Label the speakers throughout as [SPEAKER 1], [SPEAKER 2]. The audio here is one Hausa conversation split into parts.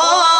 [SPEAKER 1] الله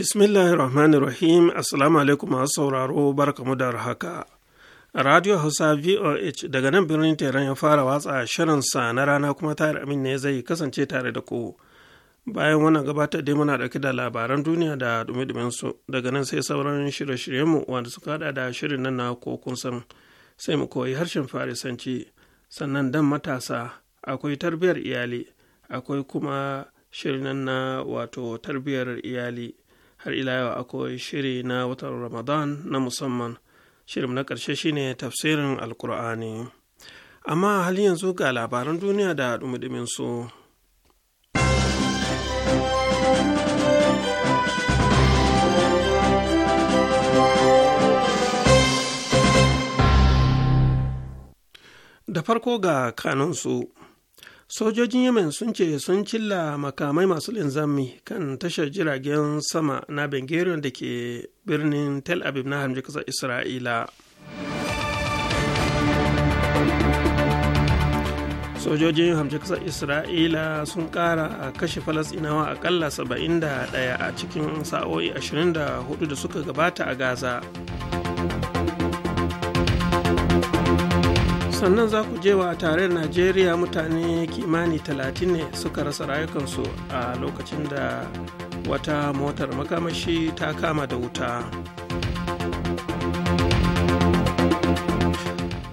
[SPEAKER 2] Bismillahir Rahmanir Rahim, Assalamu alaikum masu sauraro barkamu da haka. Radio Hausa VOH daga nan birnin Teran ya fara watsa shirinsa na rana kuma tayar amin ne zai kasance tare da ku. Bayan wannan gabatar dai muna ɗauki da labaran duniya da dumi su daga nan sai sauran shirye-shiryenmu wanda suka haɗa da shirin nan na kokun san sai mu koyi harshen Farisanci sannan dan matasa akwai tarbiyar iyali akwai kuma shirin nan na wato tarbiyyar iyali. har ila yau akwai shiri na watan ramadan na musamman shirin na ƙarshe shine tafsirin alkur'ani amma halin yanzu ga labaran duniya da dumudumin su da farko ga kanunsu sojojin yemen sun ce sun cilla makamai masu linzami kan tashar jiragen sama na bengeriyon da ke birnin tel aviv na hamji kasar isra'ila sojojin hamji kasar isra'ila sun kara a kashe falasinawa akalla 71 a cikin sa'o'i 24 da suka gabata a gaza sannan za ku jewa a tare najeriya mutane kimani 30 ne suka rasa rayukansu a lokacin da wata motar makamashi ta kama da wuta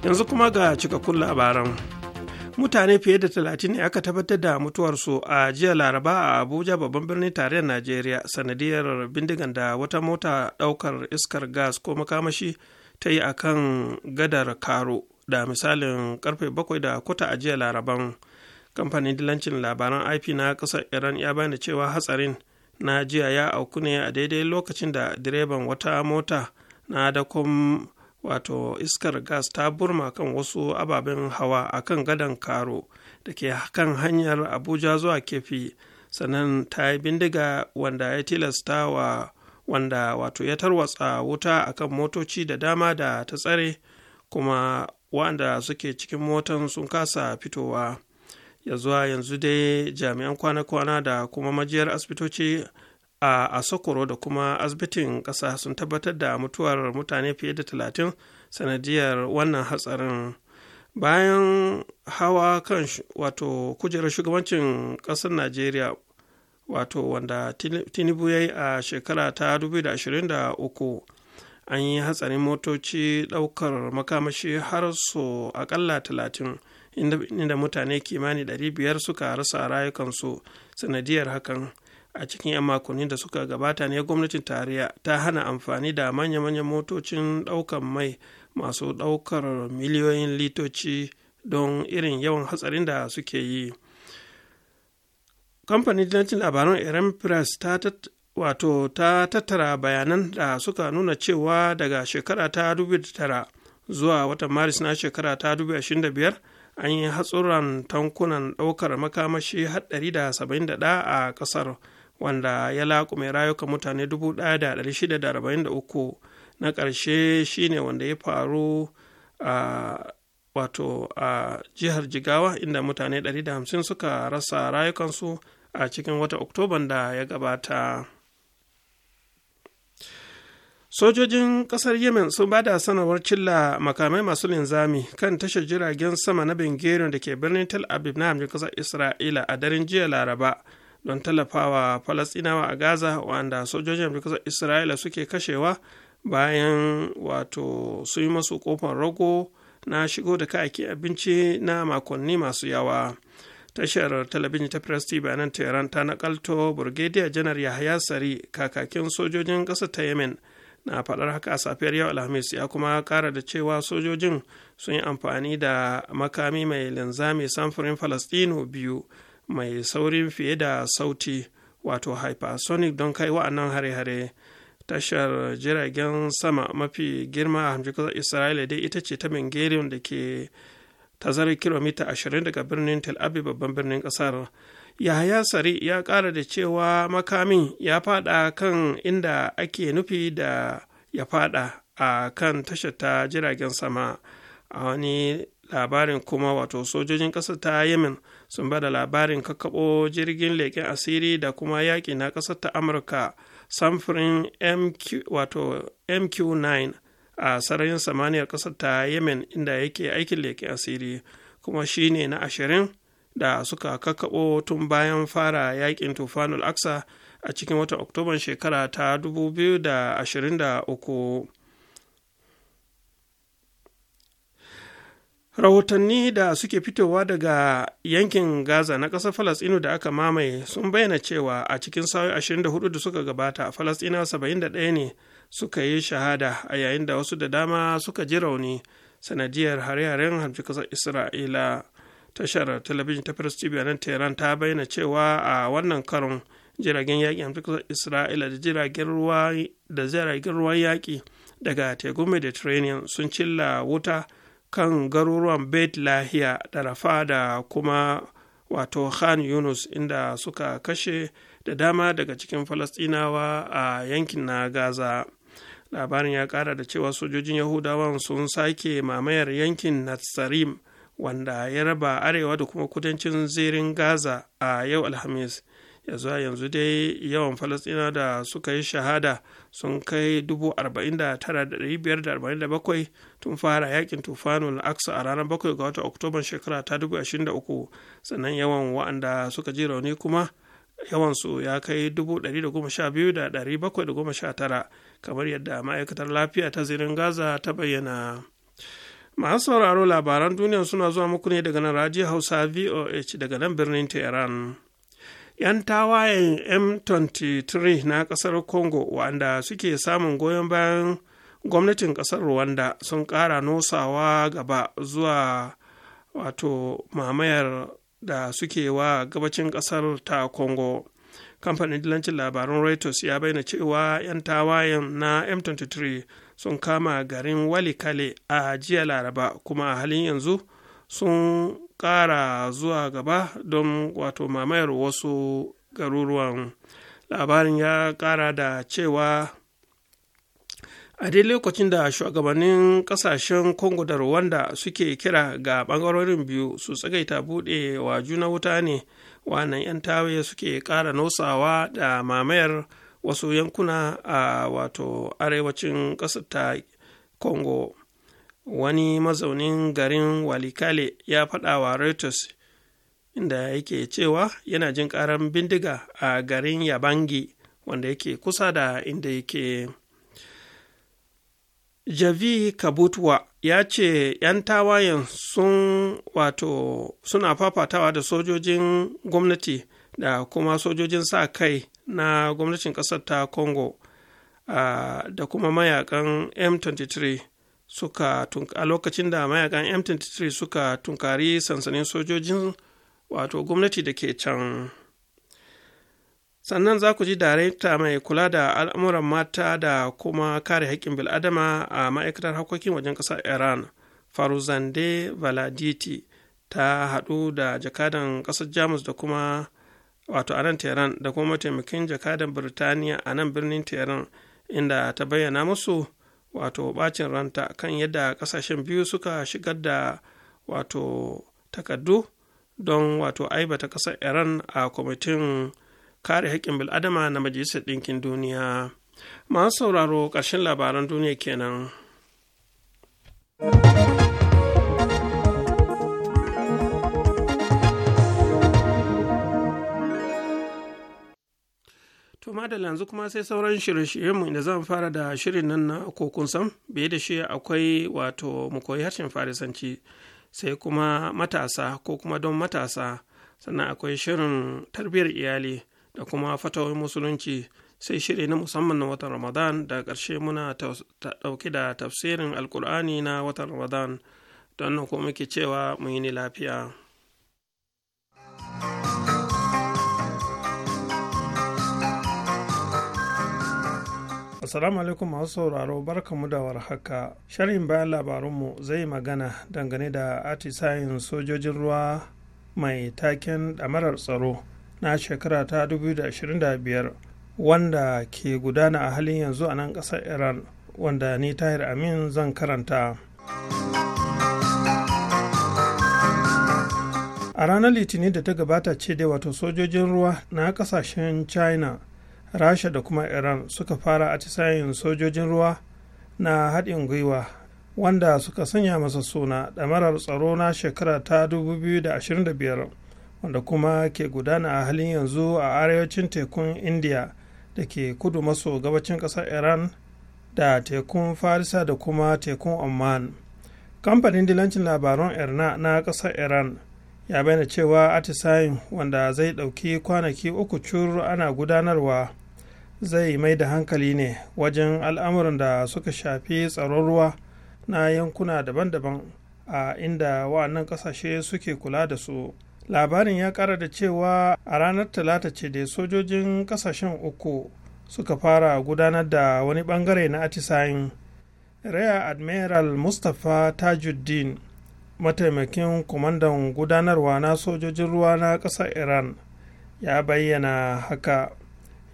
[SPEAKER 2] yanzu kuma ga cikakkun labaran mutane fiye da talatin ne aka tabbatar da mutuwarsu a jiya laraba a abuja babban birnin tarayyar najeriya sanadiyar bindigan da wata mota daukar iskar gas ko makamashi ta yi a kan gadar karo da misalin karfe bakwai da kota a jiya laraban kamfanin dilancin labaran ip na kasar iran ya bayyana cewa hatsarin na jiya ya auku ne a daidai lokacin da direban wata mota na dakon wato iskar gas ta burma kan wasu ababen hawa a kan gadon karo da ke kan hanyar abuja zuwa kefi sannan ta yi bindiga wanda ya tilasta wa wanda wato ya tarwatsa wuta akan motoci da dama da ta tsare kuma wanda suke cikin motan sun kasa fitowa ya zuwa yanzu dai jami'an kwana-kwana da kuma majiyar asibitoci a asokoro da kuma asibitin ƙasa sun tabbatar da mutuwar mutane fiye da talatin sanadiyar wannan hatsarin bayan hawa kan wato kujerar shugabancin ƙasar najeriya wato wanda tinubu ya yi a shekara ta 2023 an yi hatsarin motoci ɗaukar makamashi har su akalla talatin inda mutane kimani biyar suka rasa rayukansu sanadiyar hakan a cikin 'yan makonni da suka gabata ne gwamnatin tariya ta hana amfani da manya-manyan motocin ɗaukar mai masu ɗaukar miliyoyin litoci don irin yawan hatsarin da suke yi kamfanin labaran iran press ta wato ta tattara bayanan da suka nuna cewa daga shekara ta 2009 zuwa watan maris na shekara ta 2025 an yi hatsuran tankunan ɗaukar makamashi haɗari da saba'in da a ƙasar wanda ya laƙume rayuka mutane dubu ɗaya da ɗari shida da arba'in da uku na ƙarshe shine wanda ya faru a wato a jihar jigawa inda mutane ɗari da hamsin suka rasa rayukansu a cikin wata oktoban da ya gabata. sojojin kasar yemen sun ba da sanarwar cilla makamai masu linzami kan tashar jiragen sama na bengerin da ke birnin tel aviv na hamjin kasar isra'ila a daren jiya laraba don tallafawa falasɗinawa a gaza wanda sojojin hamjin kasar isra'ila suke kashewa bayan wato su yi masu kofar rago na shigo da kayayyakin abinci na makonni masu yawa tashar talabijin ta press tv nan tehran ta nakalto burgediya janar yahaya sari kakakin sojojin ƙasar ta yemen na faɗar haka a safiyar yau alhamis ya kuma kara da cewa sojojin sun yi amfani da makami mai linzami samfurin falastino biyu mai saurin fiye da sauti wato hypersonic don kai wa'annan hare-hare tashar jiragen sama mafi girma a hamjikar isra'ila dai ita ce ta bengeriyar da ke tazarar kilomita 20 daga birnin tel aviv babban birnin kasar yahaya sari ya ƙara da cewa makamin ya fada kan inda ake nufi da ya fada a kan tashar ta jiragen sama a wani labarin kuma wato sojojin ƙasar ta yemen sun bada labarin kakkaɓo jirgin leƙen asiri da kuma yaƙi na ƙasar ta amurka samfurin MQ, wato mq9 a sararin samaniyar ƙasar ta yemen inda yake aikin leƙen asiri kuma shine na ashirin da suka kakkaɓo tun bayan fara yakin tufanul aksa a cikin watan oktoban shekara ta 2023 rahotanni da suke fitowa daga yankin gaza na ƙasar falasɗinu da aka mamaye sun bayyana cewa a cikin sa'o'i 24 da suka gabata falasɗina 71 ne suka yi shahada a yayin da wasu da dama suka ji rauni sanadiyar hare-haren hamfi ƙasar isra'ila tashar talabijin ta first tv nan tehran ta bayyana cewa a wannan karon jiragen yaƙi amurka isra'ila da jiragen ruwa da jiragen ruwan yaƙi daga tekun mediterranean sun cilla wuta kan garuruwan bet lahiya da rafa da kuma wato khan yunus inda suka kashe da dama daga cikin falastinawa a yankin na gaza labarin ya kara da cewa sojojin yahudawan sun sake mamayar yankin natsarim wanda ya raba arewa da kuma kudancin zirin gaza a yau alhamis ya zuwa yanzu dai yawan falasina da suka yi shahada sun kai 49,547 tun fara yakin tufanul aksa a ranar 7 ga watan oktoban shekara ta 2023 sannan yawan wa'anda suka ji rauni kuma yawansu ya kai 112,719 kamar yadda ma'aikatar lafiya ta zirin gaza ta bayyana masu sauraro labaran duniya suna zuwa muku ne daga nan radio hausa voh daga nan birnin tehran yan tawayen m23 na kasar congo wanda suke samun goyon bayan gwamnatin kasar rwanda sun kara nosawa gaba zuwa wato mamayar da suke wa gabacin kasar ta congo kamfanin dilancin labarun reuters ya bayyana cewa 'yan tawayen na m23 sun kama garin walikale a jiya laraba kuma a halin yanzu sun kara zuwa gaba don wato mamayar wasu garuruwan labarin ya kara da cewa a dai lokacin da shugabannin kasashen congo da rwanda suke kira ga bangarorin biyu su tsagaita bude wa juna wuta ne wannan 'yan tawaye suke kara nosawa da mamayar wasu yankuna a wato arewacin ƙasar ta congo wani mazaunin garin walikale ya faɗa wa reuters inda yake cewa yana jin ƙaran bindiga a garin yabangi wanda yake kusa da inda yake javi kabutwa ya ce 'yan tawayen sun wato suna fafatawa da sojojin gwamnati da kuma sojojin sa kai na gwamnatin ƙasar ta congo da kuma mayakan m23 suka a lokacin da mayakan m23 suka tunkari sansanin sojojin wato gwamnati da ke can sannan za ku ji darekta mai kula da al'amuran mata da kuma kare haƙƙin bil'adama a ma'aikatar harkokin wajen ƙasar iran faruzande valaditi ta haɗu da jakadan ƙasar jamus da kuma wato a nan tehran da kuma mataimakin jakadan birtaniya a nan birnin tehran inda ta bayyana musu wato bacin ranta kan yadda kasashen biyu suka shigar da wato takardu don wato aibata kasar iran a kwamitin kare haƙƙin bil'adama na majalisar ɗinkin duniya masu sauraro ƙarshen labaran duniya kenan. To da yanzu kuma sai sauran shirye-shiryenmu inda zan fara da shirin nan na kokun sam biye da shi akwai wato mu koyi harshen farisanci sai kuma matasa ko kuma don matasa sannan akwai shirin tarbiyyar iyali da kuma fatawar musulunci sai shiri na musamman na watan ramadan da karshe muna ɗauki da tafsirin alkur'ani na watan ramadan don nan kuma muke cewa mu yi ni lafiya. Assalamu alaikum masu sauraro barkamu da warhaka. Sharhin bayan labarunmu zai magana dangane da atisayin sojojin ruwa mai taken ɗamarar tsaro na shekara ta 2025 wanda ke gudana a halin yanzu a nan ƙasar Iran wanda ni Tahir Amin zan karanta. a ranar litinin da ta gabata ce dai wato sojojin ruwa na kasashen china rasha da kuma iran suka fara atisayin sojojin ruwa na haɗin gwiwa wanda suka sanya masa suna ɗamarar tsaro na shekara ta 2025 wanda kuma ke gudana a halin yanzu a arewacin tekun india da ke kudu maso gabacin ƙasar iran da tekun farisa da kuma tekun oman kamfanin dilancin labaran irna na ƙasar iran ya bayyana cewa atisayin wanda zai ɗauki kwanaki uku cur ana gudanarwa zai mai da hankali ne wajen al'amuran da suka shafi tsaron ruwa na yankuna daban-daban a inda wa'annan kasashe suke kula da su labarin ya kara da cewa a ranar talata ce da sojojin kasashen uku suka fara gudanar da wani bangare na atisayin raya admiral mustapha tajuddin mataimakin kwamandan gudanarwa na sojojin ruwa na ƙasar iran ya bayyana haka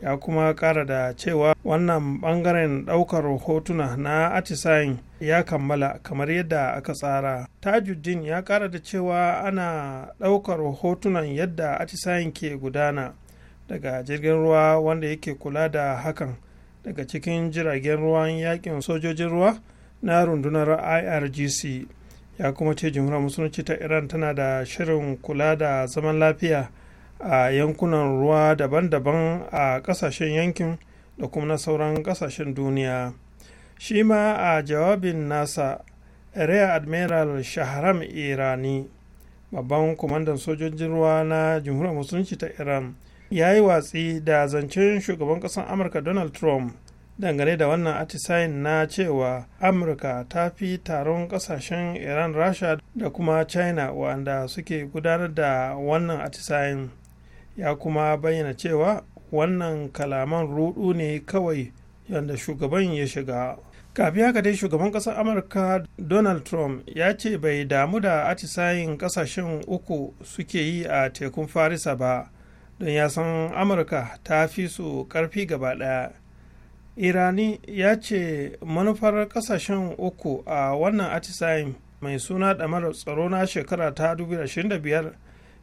[SPEAKER 2] ya kuma kara da cewa wannan bangaren daukar hotuna na atisayin ya kammala kamar yadda aka tsara tajuddin ya kara da cewa ana daukar hotunan yadda atisayin ke gudana daga jirgin ruwa wanda yake kula da hakan daga cikin jiragen ruwan yakin sojojin ruwa na rundunar irgc ya kuma ce jamhuriyar musulunci ta iran tana da shirin kula da zaman lafiya a yankunan ruwa daban-daban a ƙasashen yankin da kuma na sauran ƙasashen duniya shi ma a jawabin nasa rear admiral shahram irani babban kwamandan sojojin ruwa na jamhuriyar musulunci ta iran ya yi watsi da zancen shugaban ƙasar amurka donald trump dangane da wannan atisayin na cewa amurka ta fi taron kasashen iran rasha da kuma china wanda suke gudanar da wannan atisayin ya kuma bayyana cewa wannan kalaman rudu ne kawai yadda shugaban ya shiga kafin haka dai shugaban kasar amurka donald trump ya ce bai damu da atisayin kasashen uku suke yi a tekun farisa ba don ya san amurka ta fi su ƙarfi gaba ɗaya irani ya ce manufar ƙasashen uku a wannan atisayin mai suna damar tsaro na shekara ta 2025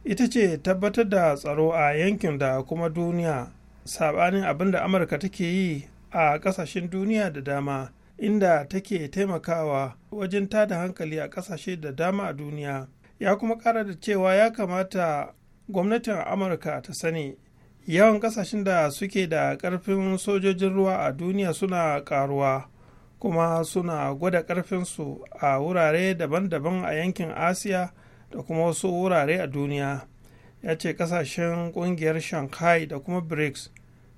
[SPEAKER 2] ita ce tabbatar da tsaro a yankin da kuma duniya saɓanin abin da amurka take yi a ƙasashen duniya da dama inda take taimakawa wajen tada hankali a ƙasashe da dama a duniya ya kuma ƙara da cewa ya kamata gwamnatin amurka ta sani yawan ƙasashen da suke da ƙarfin sojojin ruwa a duniya suna ƙaruwa kuma suna gwada ƙarfinsu a wurare daban-daban a yankin asiya da kuma wasu wurare a duniya ya ce kasashen kungiyar shanghai da kuma brics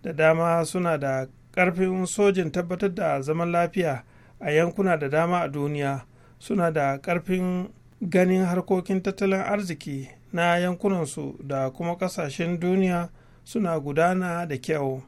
[SPEAKER 2] da dama suna da karfin sojin tabbatar da zaman lafiya a yankuna da dama a duniya suna da karfin ganin harkokin tattalin arziki na yankunansu da kuma kasashen duniya suna gudana da kyau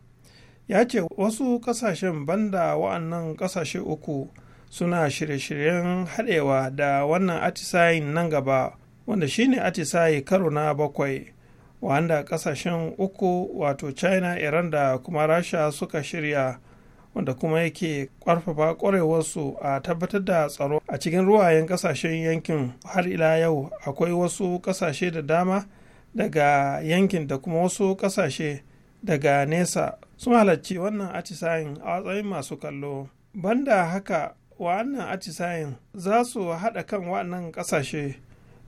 [SPEAKER 2] ya ce wasu kasashen banda wa'annan kasashe uku suna shirye-shiryen haɗewa da wannan atisayin nan gaba wanda shine atisaye karo na bakwai wanda kasashen uku wato china iran da kuma rasha suka shirya wanda kuma yake ƙarfafa ƙwarewarsu a tabbatar da tsaro a cikin ruwayen kasashen yankin har ila yau akwai wasu kasashe da dama daga yankin da kuma wasu kasashe daga nesa sun halarci wannan atisayin a matsayin masu kallo banda haka wa'annan atisayin za su haɗa kan wannan ƙasashe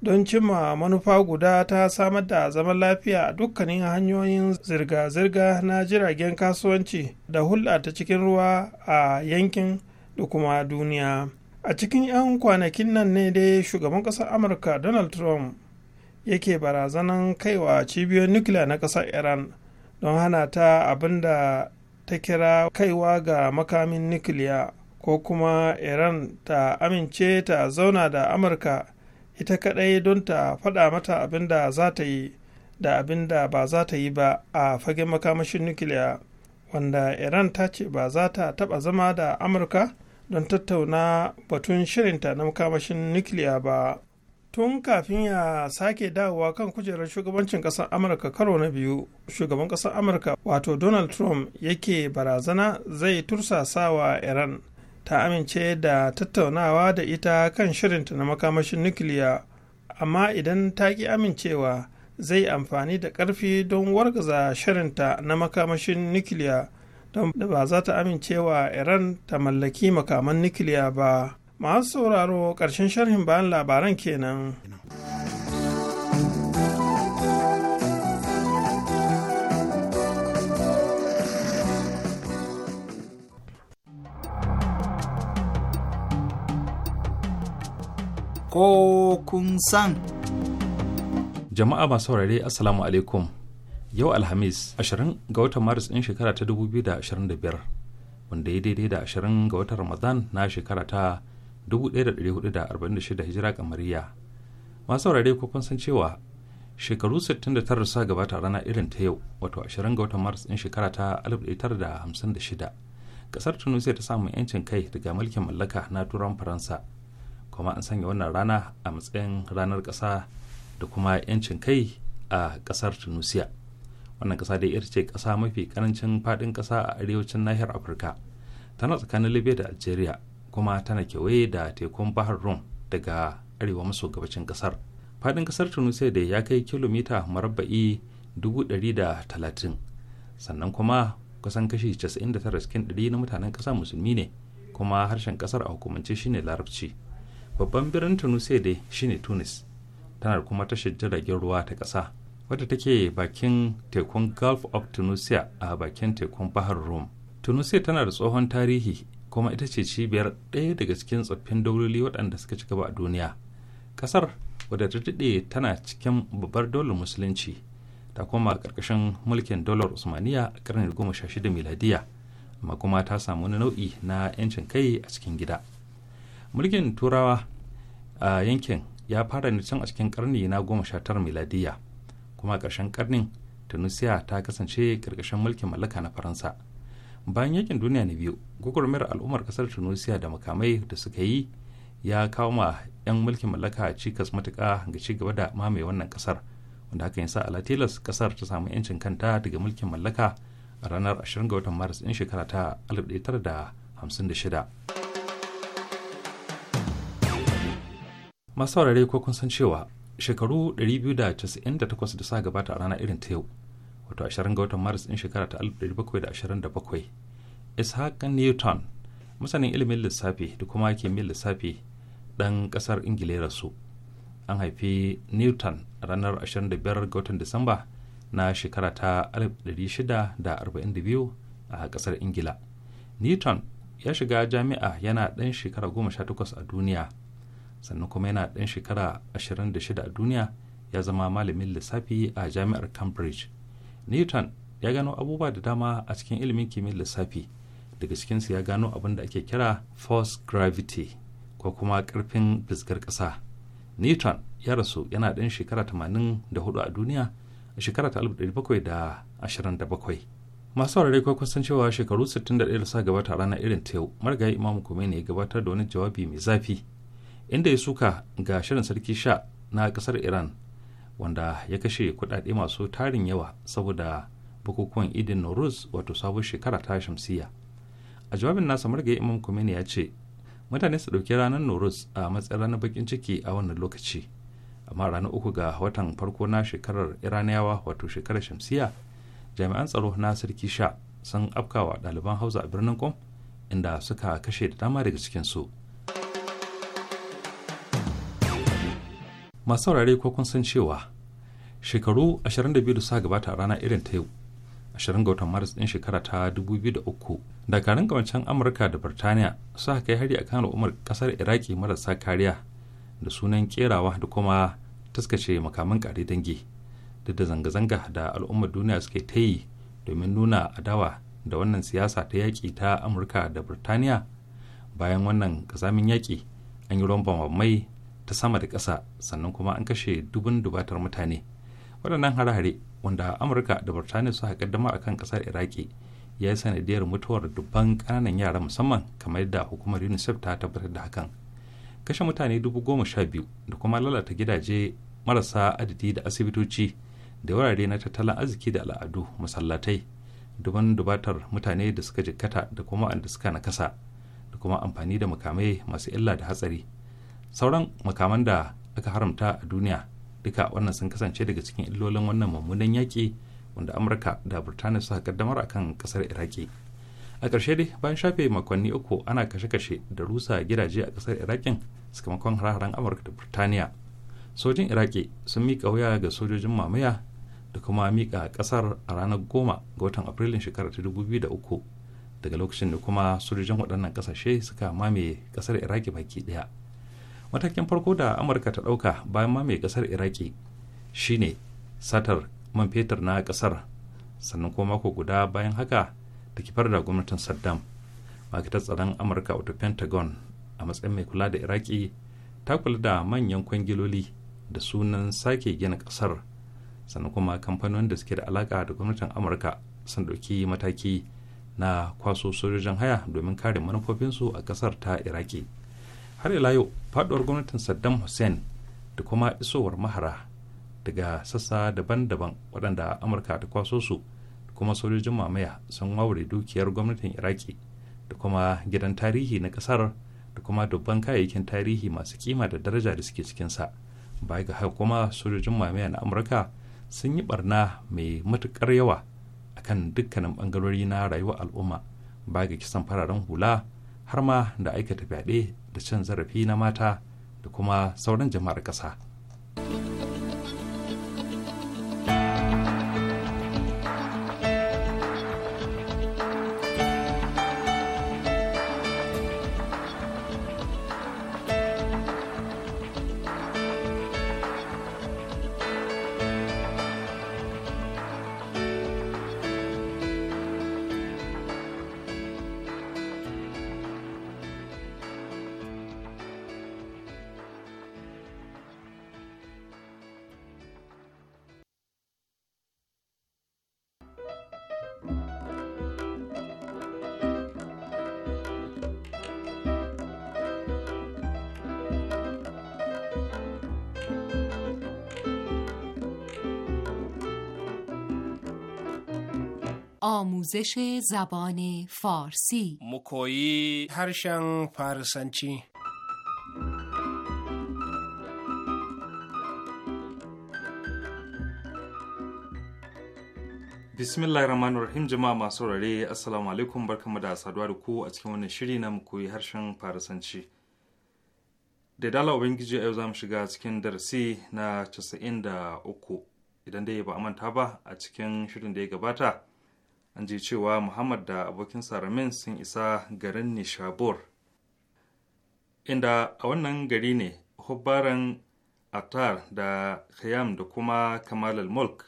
[SPEAKER 2] don cimma manufa guda ta samar da zaman lafiya a dukkanin hanyoyin zirga-zirga na jiragen kasuwanci da hulɗa ta cikin ruwa a yankin da kuma duniya a cikin 'yan kwanakin nan ne dai shugaban ƙasar amurka donald trump yake barazanan kaiwa cibiyoyin nukiliya na ƙasar iran don hana ta abin da ta kira kaiwa ga makamin nukiliya ko kuma iran ta amince ta zauna da amurka ita kaɗai don ta faɗa mata abin da za ta yi da abin da ba za ta yi ba a fagen makamashin nukiliya wanda iran ta ce ba za ta taɓa zama da amurka don tattauna batun shirinta na makamashin nukiliya ba tun kafin ya sake dawowa kan kujerar shugabancin ƙasar amurka karo na biyu shugaban ƙasar amurka wato donald trump yake barazana zai tursasa wa iran ta amince da tattaunawa da ita kan shirinta na makamashin nukiliya amma idan ta ki amincewa zai amfani da ƙarfi don wargaza shirinta na makamashin nukiliya don da ba za ta amincewa iran ta mallaki makaman nukiliya ba masu sauraro ƙarshen sharhin bayan labaran kenan.
[SPEAKER 3] ko kun
[SPEAKER 4] san. Jama'a masu saurare Assalamu alaikum. Yau Alhamis 20 ga watan Maris ɗin shekara ta 2025 wanda ya daidai da 20 ga watan Ramadan na shekara ta 1446 hijira kamariya. Masu saurare ko kun san cewa shekaru 69 sa gabata rana irin ta yau wato 20 ga watan Maris ɗin shekara ta 1956 kasar Tunisia ta samu 'yancin kai daga mulkin mallaka na turan Faransa. kuma an sanya wannan rana a matsayin ranar ƙasa da kuma 'yancin kai a ƙasar tunisia wannan ƙasa dai ita ce ƙasa mafi ƙarancin faɗin ƙasa a arewacin nahiyar afirka tana tsakanin libya da algeria kuma tana kewaye da tekun bahar rum daga arewa maso gabacin ƙasar faɗin ƙasar tunisia da ya kai kilomita marabba'i 130 sannan kuma kusan kashi 99 cikin 100 na mutanen ƙasa musulmi ne kuma harshen ƙasar a hukumance shine larabci babban birnin tunisia dai shine tunis tana kuma tashar jiragen ruwa ta ƙasa wadda take bakin tekun gulf of tunisia a bakin tekun bahar rum tunisia tana da tsohon tarihi kuma ita ce cibiyar ɗaya daga cikin tsoffin dauloli waɗanda suka ci gaba a duniya ƙasar wadda ta daɗe tana cikin babbar daular musulunci ta koma ƙarƙashin mulkin dolar usmaniya a ƙarni goma sha shida miladiya amma kuma ta samu wani nau'i na 'yancin kai a cikin gida mulkin turawa a yankin ya fara ne can a cikin karni na goma sha tara miladiya kuma a ƙarshen karnin tunisia ta kasance ƙarƙashin mulkin mallaka na faransa bayan yakin duniya na biyu gwagwarmayar al'ummar ƙasar tunisia da makamai da suka yi ya kawo ma 'yan mulkin mallaka cikas matuka ga ci gaba da mamaye wannan ƙasar wanda hakan ya sa alatilas ƙasar ta samu 'yancin kanta daga mulkin mallaka a ranar 20 ga watan maris ɗin shekara ta 1956 masaurare ko kun san cewa shekaru 298 da sa gabata a rana irin ta yau wato 20 ga watan maris din shekara ta 1727 ishaq newton masanin ilimin lissafi da kuma mil lissafi dan kasar ingila ya rasu an haifi newton ranar 25 ga watan disamba na shekara ta 1642 a kasar ingila newton ya shiga jami'a yana ɗan shekara 18 a duniya sannan kuma yana ɗan shekara 26 a duniya ya zama malamin lissafi a jami'ar cambridge newton ya gano abubuwa da dama a cikin ilimin kimiyyar lissafi daga cikinsu ya gano abin da ake kira force gravity ko kuma karfin fisgar ƙasa newton ya rasu yana ɗan shekara 84 a duniya a shekara ta 1727 masu warare kwa kusan cewa shekaru 61 da sa gabata ranar irin ta yau marigayi kome ne ya gabatar da wani jawabi mai zafi inda ya suka ga shirin sarki sha na kasar iran wanda ya kashe kudade masu tarin yawa saboda bukukuwan idin noruz wato sabon shekara ta shamsiya a jawabin nasa marga imam kumeni ya ce mutane su dauki ranar noruz a matsayin ranar bakin ciki a wannan lokaci amma ranar uku ga watan farko na shekarar iraniyawa wato shekarar shamsiya jami'an tsaro na sarki sha sun afkawa ɗaliban hausa a birnin kom inda suka kashe da dama daga cikinsu masu saurare ko kun san cewa shekaru 22 da suka gabata a rana irin ta yau 20 ga watan maris din shekara ta 2003 dakarun kawancen amurka da birtaniya suka kai hari a akan al'ummar kasar iraki marasa kariya da sunan kerawa da kuma taskace makaman kare dangi duk da zanga-zanga da al'ummar duniya suke ta yi domin nuna adawa da wannan siyasa ta yaƙi ta amurka da birtaniya bayan wannan ƙazamin yaƙi an yi ruwan mai ta sama da ƙasa sannan kuma an kashe dubun dubatar mutane waɗannan hare-hare wanda amurka da burtaniya suka kaddama a kan ƙasar iraki ya yi sanadiyar mutuwar dubban ƙananan yara musamman kamar yadda hukumar unicef ta tabbatar da hakan kashe mutane dubu goma sha biyu da kuma lalata gidaje marasa adadi da asibitoci da wurare na tattalin arziki da al'adu masallatai duban dubatar mutane da suka jikkata da kuma wanda suka nakasa da kuma amfani da makamai masu illa da hatsari sauran makaman da aka haramta a duniya duka wannan sun kasance daga cikin illolin wannan mummunan yaƙi wanda amurka da birtaniya suka kaddamar akan kasar iraki a ƙarshe dai bayan shafe makonni uku ana kashe-kashe da rusa gidaje a ƙasar irakin sakamakon hare-haren amurka da birtaniya sojin iraki sun mika wuya ga sojojin mamaya da kuma mika ƙasar a ranar goma ga watan afrilun shekarar ta dubu biyu da uku daga lokacin da kuma sojojin waɗannan ƙasashe suka mamaye ƙasar iraki baki ɗaya matakin farko da amurka ta dauka bayan ma mai ƙasar iraki shine satar man fetur na kasar sannan kuma mako guda bayan haka ta kifar da gwamnatin saddam ma'aikatar tsaron amurka wato pentagon a matsayin mai kula da iraki ta kula da manyan kwangiloli da sunan sake gina kasar sannan kuma kamfanonin da suke da alaka da gwamnatin amurka sun ɗauki mataki na kwaso sojojin haya domin kare manufofinsu a kasar ta iraki har ila yau faduwar gwamnatin saddam hussein da kuma isowar mahara daga sassa daban-daban waɗanda amurka ta kwaso su da kuma sojojin mamaya sun waure dukiyar gwamnatin iraki da kuma gidan tarihi na ƙasar da kuma dubban kayayyakin tarihi masu kima da daraja da suke cikinsa baya ga haka kuma sojojin mamaya na amurka sun yi barna mai matuƙar yawa akan dukkanin bangarori na rayuwar al'umma baya ga kisan fararen hula har ma da aikata fyaɗe da cin zarafi na mata da kuma sauran jama'ar ƙasa.
[SPEAKER 5] آموزش زبان فارسی
[SPEAKER 6] مکویی هرشن فارسنچی
[SPEAKER 4] bismillah rahman rahim jama'a masu rare assalamu alaikum barkamu da saduwa da ku a cikin wannan shiri na koyi harshen farisanci da dala ubangiji yau za mu shiga cikin darasi na 93 idan dai ba a manta ba a cikin shirin da ya gabata an ji cewa muhammad da abokin saramin sun isa garin nishabur inda a wannan gari ne hubbaran atar da khayyam da kuma kamal mulk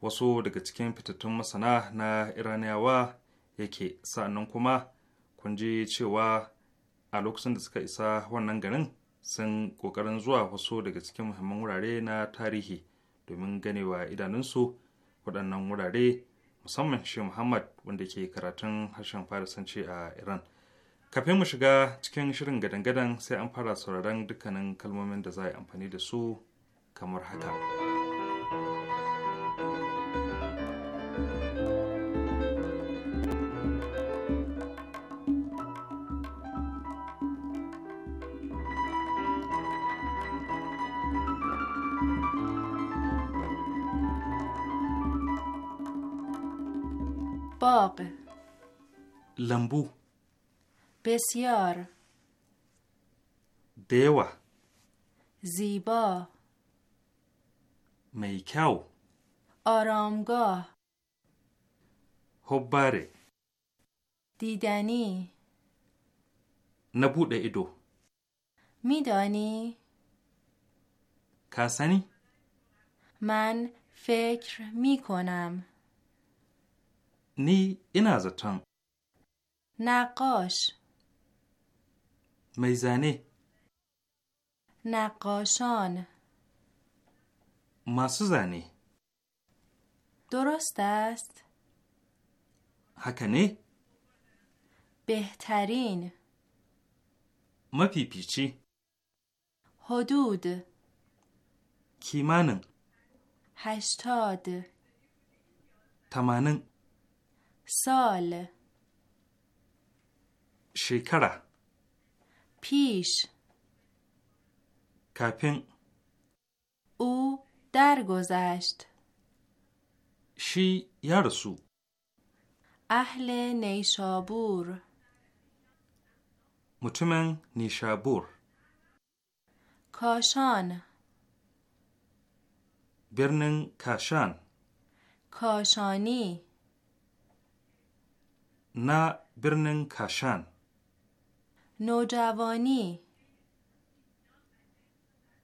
[SPEAKER 4] wasu daga cikin fitattun masana na iraniyawa yake sa'annan kuma kun ji cewa a lokacin da suka isa wannan garin sun kokarin zuwa wasu daga cikin muhimman wurare na tarihi domin ganewa idanunsu waɗannan wurare musamman shi muhammad wanda ke karatun harshen farisanci a iran kafin mu shiga cikin shirin gadan-gadan sai an fara sauraron dukkanin kalmomin da za a yi amfani da su kamar haka. باغ لمبو
[SPEAKER 5] بسیار دیو زیبا میکاو آرامگاه هباره دیدنی
[SPEAKER 4] نبود ایدو
[SPEAKER 5] میدانی کسانی من فکر میکنم
[SPEAKER 4] نی اینا زتن
[SPEAKER 5] نقاش
[SPEAKER 4] میزنی
[SPEAKER 5] نقاشان ماسو درست است
[SPEAKER 4] حکنی
[SPEAKER 5] بهترین ما حدود کیمانن هشتاد تمانن سال
[SPEAKER 4] شکره
[SPEAKER 5] پیش کپین او درگذشت
[SPEAKER 4] شی یارسو
[SPEAKER 5] اهل نیشابور
[SPEAKER 4] متمن نیشابور
[SPEAKER 5] کاشان
[SPEAKER 4] برنن کاشان
[SPEAKER 5] کاشانی
[SPEAKER 4] na birnin Kashan.
[SPEAKER 5] Nojavani.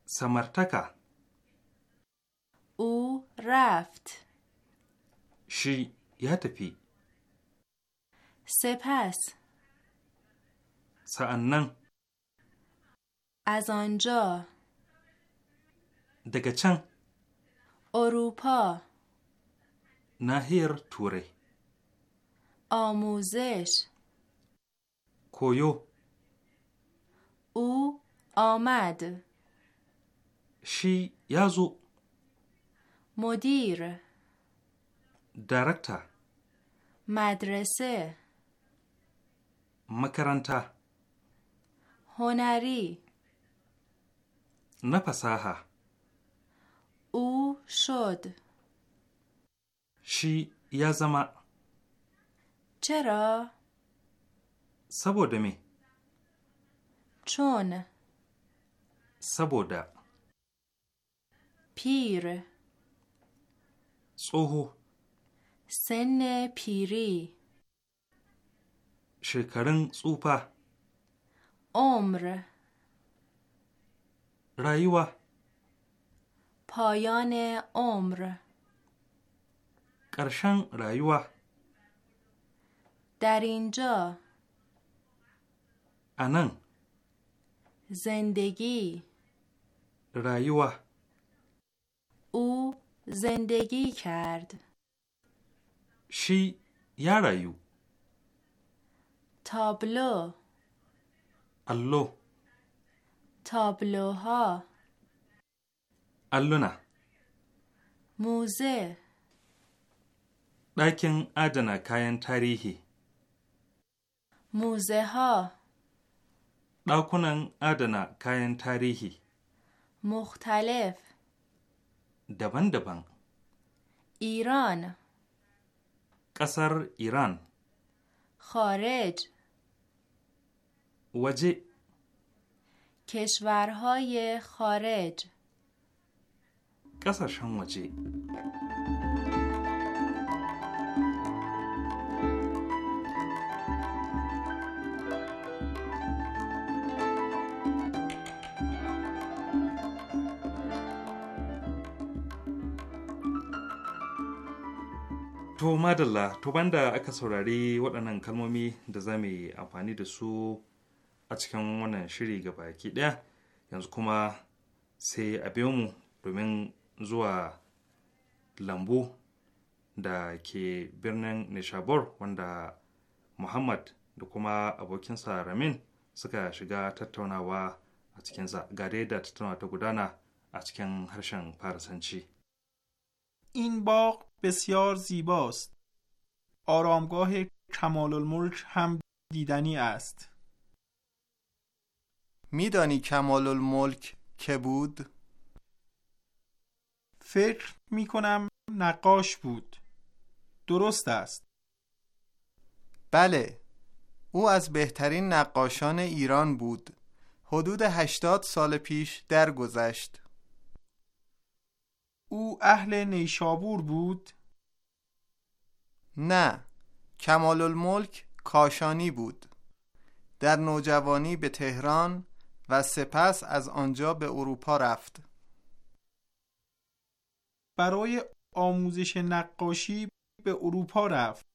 [SPEAKER 4] Samartaka.
[SPEAKER 5] U raft.
[SPEAKER 4] Shi ya tafi.
[SPEAKER 5] Sepas.
[SPEAKER 4] Sa'annan.
[SPEAKER 5] Azanjo. Daga can. Orupa.
[SPEAKER 4] Nahir Turai.
[SPEAKER 5] آموزش کویو او آمد
[SPEAKER 4] شی یازو
[SPEAKER 5] مدیر درکتر مدرسه
[SPEAKER 4] مکرانتا
[SPEAKER 5] هنری
[SPEAKER 4] نپساها
[SPEAKER 5] او شد
[SPEAKER 4] شی یازما
[SPEAKER 5] چرا؟
[SPEAKER 4] سبوده می چون سبوده
[SPEAKER 5] پیر صوهو سن پیری
[SPEAKER 4] شکرن صوپه
[SPEAKER 5] عمر رایوه پایان عمر
[SPEAKER 4] ƙarshen rayuwa
[SPEAKER 5] در اینجا انن زندگی
[SPEAKER 4] رایوه
[SPEAKER 5] او زندگی کرد
[SPEAKER 4] شی یا رایو
[SPEAKER 5] تابلو اللو تابلوها اللونه موزه
[SPEAKER 4] ɗakin adana kayan tarihi
[SPEAKER 5] موزه ها
[SPEAKER 4] آدنا ادنا کاین
[SPEAKER 5] مختلف
[SPEAKER 4] دبن دبن
[SPEAKER 5] ایران
[SPEAKER 4] قصر ایران
[SPEAKER 5] خارج وجه کشورهای خارج
[SPEAKER 4] قصر شن وجه To madalla, to banda aka saurari waɗannan kalmomi da za mu yi amfani da su a cikin wannan shiri ga baki ɗaya yanzu kuma sai a biyo mu domin zuwa lambu da ke birnin Nishabor wanda Muhammad da kuma abokinsa Ramin suka shiga tattaunawa a cikinsa ga da tattaunawa ta gudana a cikin harshen Farisanci.
[SPEAKER 7] in ba. بسیار زیباست. آرامگاه کمال الملک هم دیدنی است.
[SPEAKER 8] میدانی کمال الملک که بود؟ فکر می کنم نقاش بود. درست است. بله. او از بهترین نقاشان ایران بود. حدود هشتاد سال پیش درگذشت.
[SPEAKER 2] او
[SPEAKER 7] اهل نیشابور بود؟ نه کمال
[SPEAKER 8] الملک کاشانی بود در نوجوانی به تهران و سپس از آنجا به اروپا رفت برای آموزش نقاشی به اروپا رفت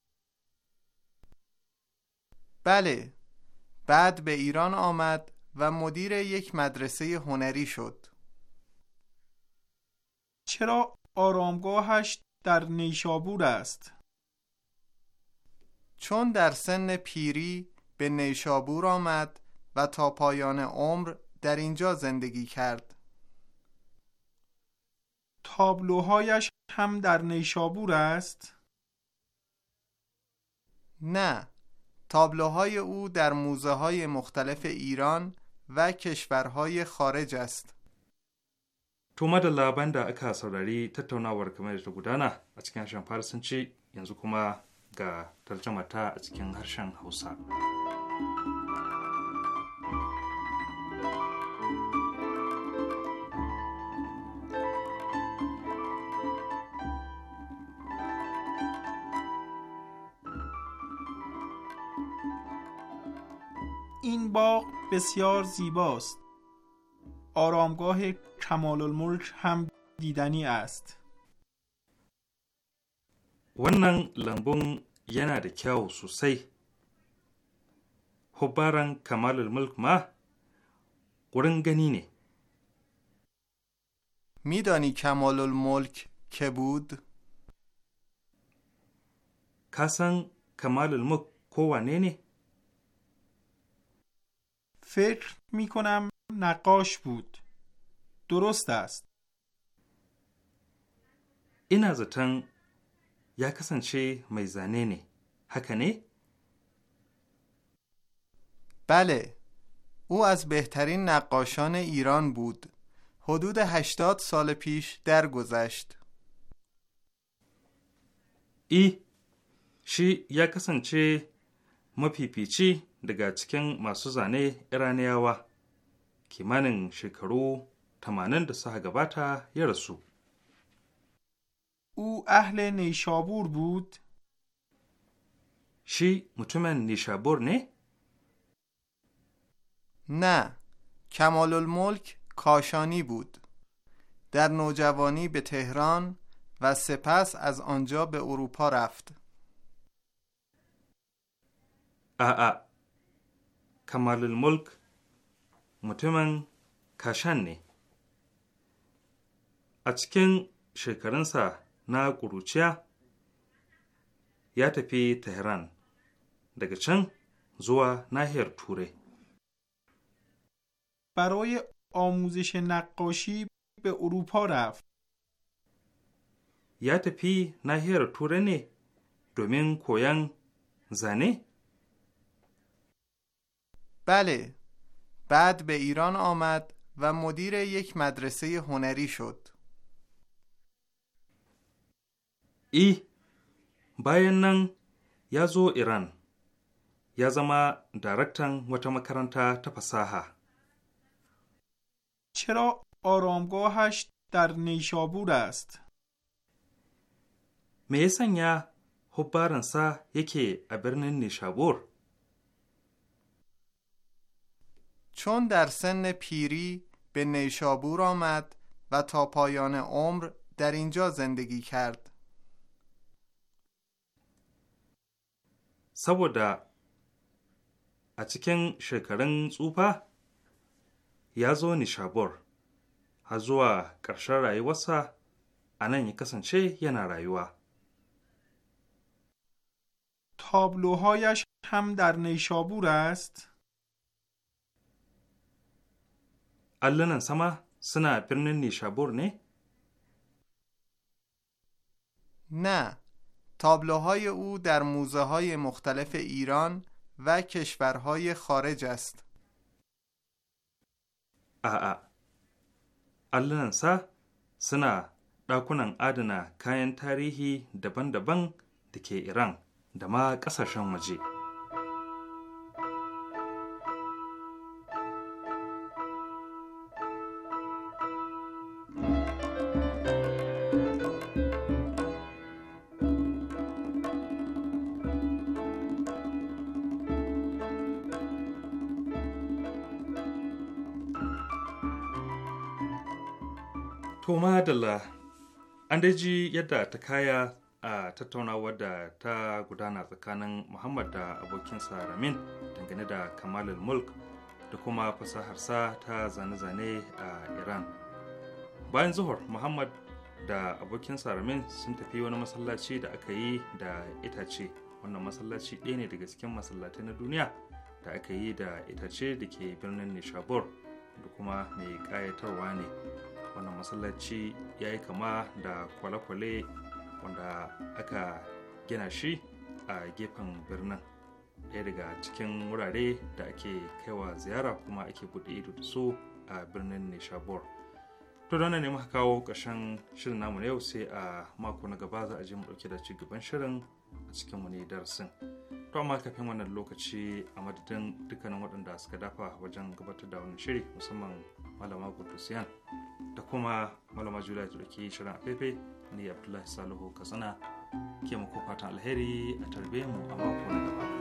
[SPEAKER 8] بله بعد به ایران آمد و مدیر یک مدرسه هنری شد چرا آرامگاهش در نیشابور است؟ چون در سن پیری به نیشابور آمد و تا پایان عمر
[SPEAKER 7] در اینجا زندگی کرد تابلوهایش هم در نیشابور است؟
[SPEAKER 8] نه تابلوهای او در موزه های مختلف ایران و کشورهای خارج است
[SPEAKER 4] To madalla da aka saurari tattaunawar kamar da ta gudana a cikin harshen ga tarjamata a cikin harshen hausa
[SPEAKER 7] این باغ بسیار زیباست آرامگاه کمال الملک هم دیدنی است
[SPEAKER 4] wannan lambun yana da kyau sosai hubaran kamalul mulk ma wurin gani ne midani kamalul mulk ke bud ka san kamalul mulk kowane ne فکر می کنم نقاش بود. درست است. این از تن یا کسنچه می زنه نه حکنه؟ بله او از بهترین
[SPEAKER 8] نقاشان ایران بود حدود 80 سال پیش درگذشت
[SPEAKER 4] ای شی یا کسنچه mafifici daga cikin masu zane iraniyawa kimanin shekaru 80 da suka gabata ya rasu
[SPEAKER 7] او اهل نیشابور بود؟
[SPEAKER 4] شی مطمئن نیشابور نه؟
[SPEAKER 7] نه
[SPEAKER 8] کمال الملک کاشانی بود در نوجوانی به تهران و سپس از آنجا به اروپا رفت
[SPEAKER 4] آآ کمال الملک مطمئن کاشانی از کن cikin na ƙuruciya ya تهران Tehran daga can zuwa nahiyar
[SPEAKER 7] برای آموزش نقاشی به اروپا رفت.
[SPEAKER 4] یا تفی نهیر توره دومین کویان زنه؟ بله بعد به ایران
[SPEAKER 8] آمد و مدیر یک مدرسه هنری شد.
[SPEAKER 4] ای e, bayan nan ya zo Iran, ya zama daraktan wata makaranta ta fasaha.
[SPEAKER 7] چرا آرامگاهش در نیشابور است؟
[SPEAKER 4] می ya sanya hubbaransa یکی a birnin چون در سن
[SPEAKER 8] پیری به نیشابور آمد و تا پایان عمر در اینجا زندگی کرد.
[SPEAKER 4] saboda a cikin shekarun tsufa ya zo nishabur a zuwa ƙarshen rayuwarsa a nan ya kasance yana rayuwa. تابلوهایش Allunan sama suna است؟ اللنن
[SPEAKER 8] سما تابلوهای او در موزه های مختلف ایران و کشورهای خارج است.
[SPEAKER 4] الله allonsa سنا ɗakunan adana kayan tarihi daban-daban da ke Iran da ma ƙasashen waje. Allah an dai ji yadda ta kaya a tattaunawar da ta gudana tsakanin muhammad da abokinsa ramin dangane da kamalul mulk da kuma fasaharsa ta zane-zane a iran bayan zuhur muhammad da abokinsa ramin sun tafi wani masallaci da aka yi da itace wannan masallaci ɗaya ne daga cikin masallatai na duniya da aka yi da itace da ke birnin nishabur da kuma mai ƙayatarwa ne wannan masallaci ya yi kama da kwale-kwale wanda aka gina shi a gefen birnin ɗaya daga cikin wurare da ake kaiwa ziyara kuma ake buɗe ido da su a birnin nishabor to da ne muka kawo ƙarshen shirin namu na yau sai a mako na gaba za a je mu ɗauke da cigaban shirin a cikin wani darasin to amma kafin wannan lokaci a madadin dukkanin waɗanda suka dafa wajen gabatar da wani shiri musamman malama kudusiyan da kuma malama julia da ke shirin a fefe ni abdullahi salihu katsina ke muku fatan alheri a tarbe mu a mako na gaba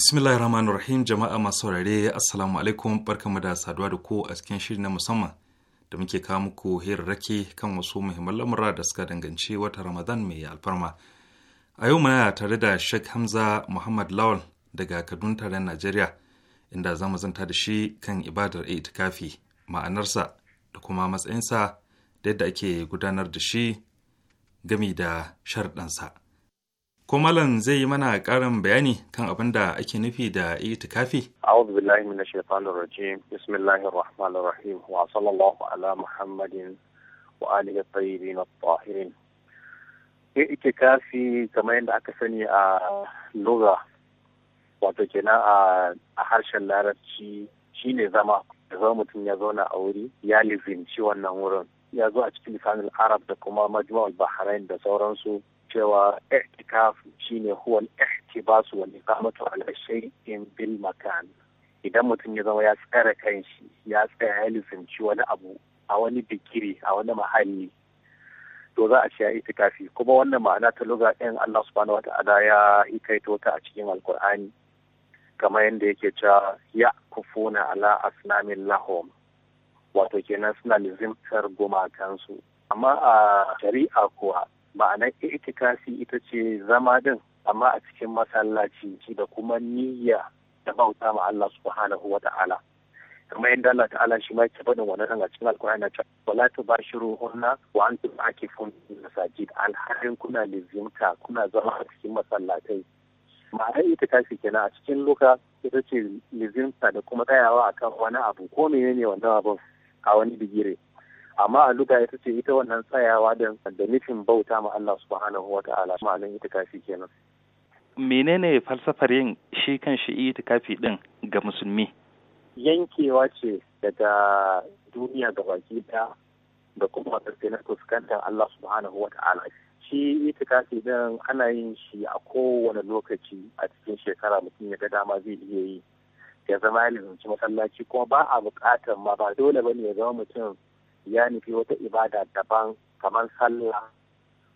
[SPEAKER 4] Bismillah rahman rahim jama'a masu saurare assalamu alaikum barkamu da saduwa da ku a cikin shiri na musamman da muke kawo muku hirarraki kan wasu muhimman lamura da suka danganci wata Ramadan mai alfarma. A yau muna tare da Sheikh Hamza Muhammad Lawal daga Kaduna tarayyar Najeriya inda zamu zanta da shi kan ibadar itikafi ma'anarsa da kuma matsayinsa da yadda ake gudanar da shi gami da sharɗansa. ko malam zai yi mana karin bayani kan abin da ake nufi da itikafi
[SPEAKER 9] a'udhu billahi minash shaitanir rajim bismillahir rahmanir rahim wa sallallahu ala muhammadin wa alihi tayyibin at-tahirin eh, itikafi kamar yadda aka sani a lugha wato kenan a harshen larabci shine zama zama mutum ya zauna a wuri ya lizinci wannan wurin ya zo a cikin lisanin arab da kuma majmu'ul bahrain da sauransu cewa i'tikaf shine huwal ihtibasu wal iqamatu ala shay'in bil makan idan mutum ya zama ya tsare kanshi ya tsaya ya lisanci wani abu a wani bikiri a wani mahalli to za a ce ya itikafi kuma wannan ma'ana ta lugha ɗin Allah subhanahu wa ta'ala ya hikaito ta a cikin alkur'ani kamar yadda yake cewa ya kufuna ala asnamin lahom wato kenan suna lizimtar gumakansu amma a shari'a kuwa ma'anar itikafi ita ce zama din amma a cikin masallaci da kuma niyya da bauta ma Allah subhanahu wa ta'ala kamar yadda Allah ta'ala shi ma yake faɗin wannan a cikin alkur'ani ta wala bashiru hunna wa antum akifun masajid alhalin kuna lizimta kuna zama a cikin masallatai ma'anar itikafi kenan a cikin luka ita ce lizimta da kuma tsayawa akan wani abu ko menene wannan abun a wani bigire amma a duka ita ce ita wannan tsayawa da da nufin bauta ma Allah subhanahu wata'ala ma'anin itikafi kenan
[SPEAKER 4] menene falsafar yin shi kan shi itikafi din ga musulmi
[SPEAKER 9] yankewa ce daga duniya ga baki da da kuma na fuskantar Allah subhanahu ta'ala shi itikafi din ana yin shi a kowane lokaci a cikin shekara mutum ya ga dama zai iya yi ya zama ya lalace masallaci kuma ba a buƙatar ma ba dole ne ya zama mutum ya nufi wata ibada daban kamar sallah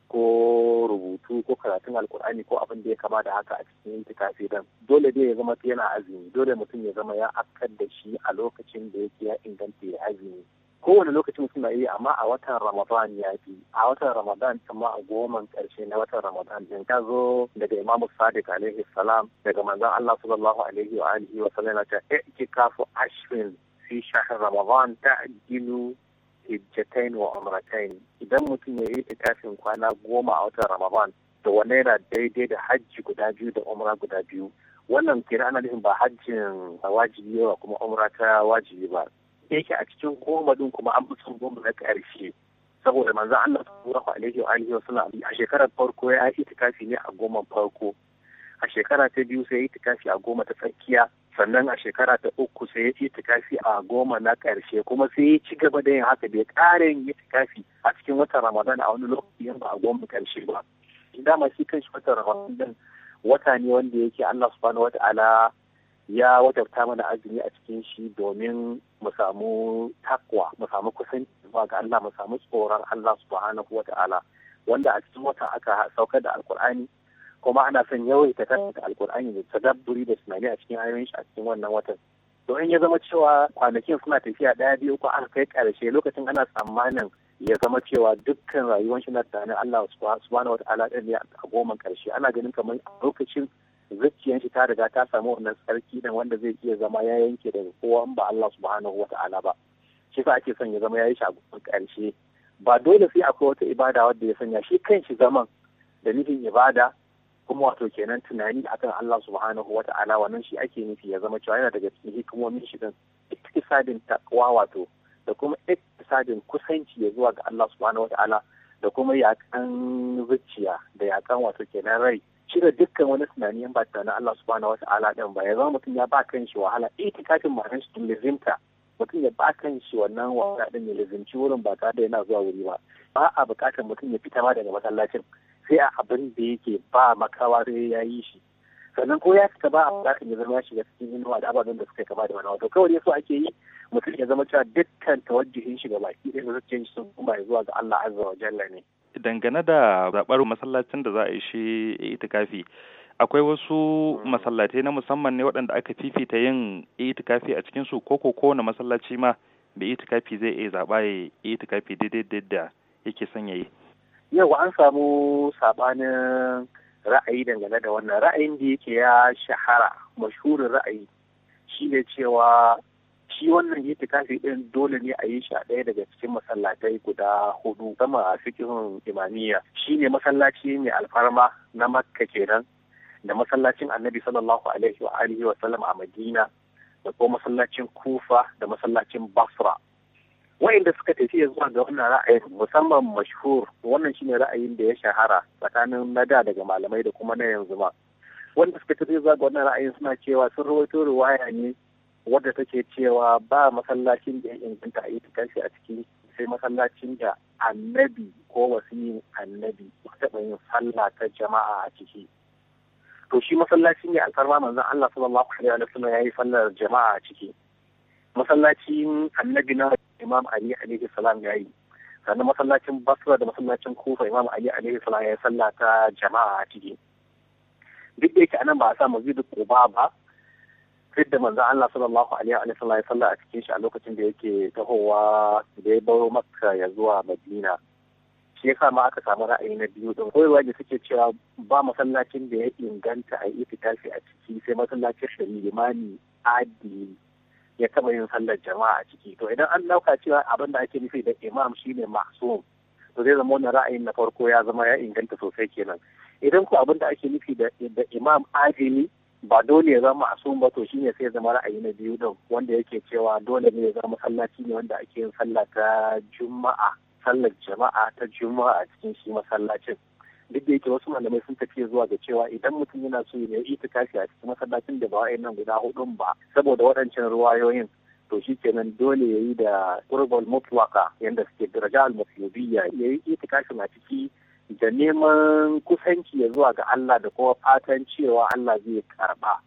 [SPEAKER 9] ko rubutu ko karatun alkur'ani ko abin da ya kama da haka a cikin intikafi dan dole dai ya zama yana azumi dole mutum ya zama ya akar da shi a lokacin da yake ya inganta ya azumi kowane lokaci mutum na yi amma a watan ramadan ya fi a watan ramadan kuma a goman karshe na watan ramadan din ka zo daga imam sadiq alaihi salam daga manzon allah sallallahu alaihi wa alihi wa sallam ta ikikafu eh, ashrin fi shahr ramadan ta'jilu hijjatain wa umratain idan mutum ya yi kafin kwana goma a watan ramadan da wani yana daidai da hajji guda biyu da umra guda biyu wannan kira ana nufin ba hajjin wajibi ba kuma umra ta wajibi ba yake a cikin goma din kuma an fi son goma na ƙarshe saboda manzon Allah sallallahu alaihi wa alihi wasallam a shekarar farko ya yi itikafi ne a goma farko a shekara ta biyu sai ya yi itikafi a goma ta tsakiya sannan a shekara ta uku sai ya tikafi a goma na ƙarshe kuma sai ya ci gaba da yin haka bai ƙara yin tikafi a cikin watan ramadan a wani lokaci yan ba a goma ƙarshe ba dama shi kan shi watan ramadan wata ne wanda yake Allah subhanahu ta'ala ya wajabta mana azumi a cikin shi domin mu samu takwa mu samu kusanci zuwa ga Allah mu samu tsoron Allah subhanahu ta'ala wanda a cikin wata aka saukar da alkur'ani kuma ana son ta yawaita eh. karanta alkur'ani da tadabburi da tunani a cikin ayoyin shi a cikin wannan watan to in ya zama cewa kwanakin suna tafiya ɗaya biyu ko aka kai karshe lokacin ana tsammanin ya zama cewa dukkan rayuwar shi na tunanin Allah subhanahu wa ta'ala ne a goman karshe ana ganin kamar lokacin zuciyar shi ta riga ta samu wannan tsarki dan wanda zai iya zama ya yanke daga kowa in ba Allah subhanahu wa ta'ala ba shi sa ake son ya zama ya yi shi a goma ƙarshe ba dole sai akwai wata ibada wadda ya sanya shi kan shi zaman da nufin ibada kuma wato kenan tunani akan Allah subhanahu wa ta'ala wannan shi ake nufi ya zama cewa yana daga cikin hikimomin shi din iktisadin takwa wato da kuma iktisadin kusanci ya zuwa ga Allah subhanahu wa ta'ala da kuma yakan zuciya da yakan wato kenan rai cire dukkan wani tunani in ba tunanin Allah subhanahu wa ta'ala din ba ya zama mutum ya ba kan shi wahala itikafin ma'anar shi lizimta mutum ya ba kan shi wannan wahala din ya lizimci wurin ba tare da yana zuwa wuri ba ba a bukatar mutum ya fita ma daga masallacin sai a abin da yake ba makawa sai ya yi shi sannan ko ya fita ba a fulakan ya zama shiga cikin inuwa da ababen da suka kama da wani wato kawai so ake yi mutum ya zama cewa dukkan tawajjuhin shi gaba ki ɗaya zuciyar shi sun kuma zuwa ga Allah azza wa jalla ne
[SPEAKER 4] dangane da zaɓar masallacin da za a yi shi itikafi akwai wasu masallatai na musamman ne waɗanda aka fifita yin itikafi a cikin su ko na masallaci ma da itikafi zai iya zaɓa ya itikafi daidai da yake son yi
[SPEAKER 9] yau an samu sabanin ra'ayi dangane da wannan ra'ayin da yake ya shahara mashhurin ra'ayi shi ne cewa shi wannan itikafi din dole ne a yi shi a ɗaya daga cikin masallatai guda hudu sama a cikin imaniya shi ne masallaci mai alfarma na makka kenan da masallacin annabi sallallahu alaihi wa alihi wa sallam a madina da kuma masallacin kufa da masallacin basra wa'inda suka tafi zuwa ga wannan ra'ayin musamman mashhur wannan shine ra'ayin da ya shahara tsakanin na da daga malamai da kuma na yanzu ma wanda suka tafi zuwa ga wannan ra'ayin suna cewa sun rawaito riwaya ne wadda take cewa ba masallacin da ya inganta a yi a ciki sai masallacin da annabi ko wasiyin annabi wata taɓa yin sallah ta jama'a a ciki to shi masallaci ne alfarma manzon Allah sallallahu alaihi wa sallam yayi sallar jama'a a ciki masallacin annabi na imam ali alaihi salam ya yi sannan masallacin basra da masallacin kufa imam ali alaihi salam ya yi ta jama'a a ciki duk da yake anan ba a sa mazidu quba ba sai da manzo Allah sallallahu alaihi wa sallam ya salla a cikin shi a lokacin da yake tahowa da ya baro makka ya zuwa madina shi yasa ma aka samu ra'ayi na biyu din koyarwa da suke cewa ba masallacin da ya inganta a itikafi a ciki sai masallacin shari'i limani adili ya taɓa yin sallar jama'a a ciki to idan an dauka cewa abin da ake nufi da imam shine ma'sum to zai zama wannan ra'ayin na farko ya zama ya inganta sosai kenan idan ko abin da ake nufi da imam ajini ba dole ya zama ma'sum ba to shine sai zama ra'ayi na biyu din wanda yake cewa dole ne ya zama masallaci ne wanda ake yin sallah ta juma'a sallar jama'a ta juma'a a cikin shi masallacin duk da yake wasu malamai sun tafi zuwa ga cewa idan mutum yana so ya yi kashi a cikin masallacin da ba nan guda hudun ba saboda waɗancan ruwayoyin to shi kenan dole ya yi da qurbal mutuwaka yadda suke daraja al ya yi ita kashi a ciki da neman kusanci ya zuwa ga Allah da kuma fatan cewa Allah zai karba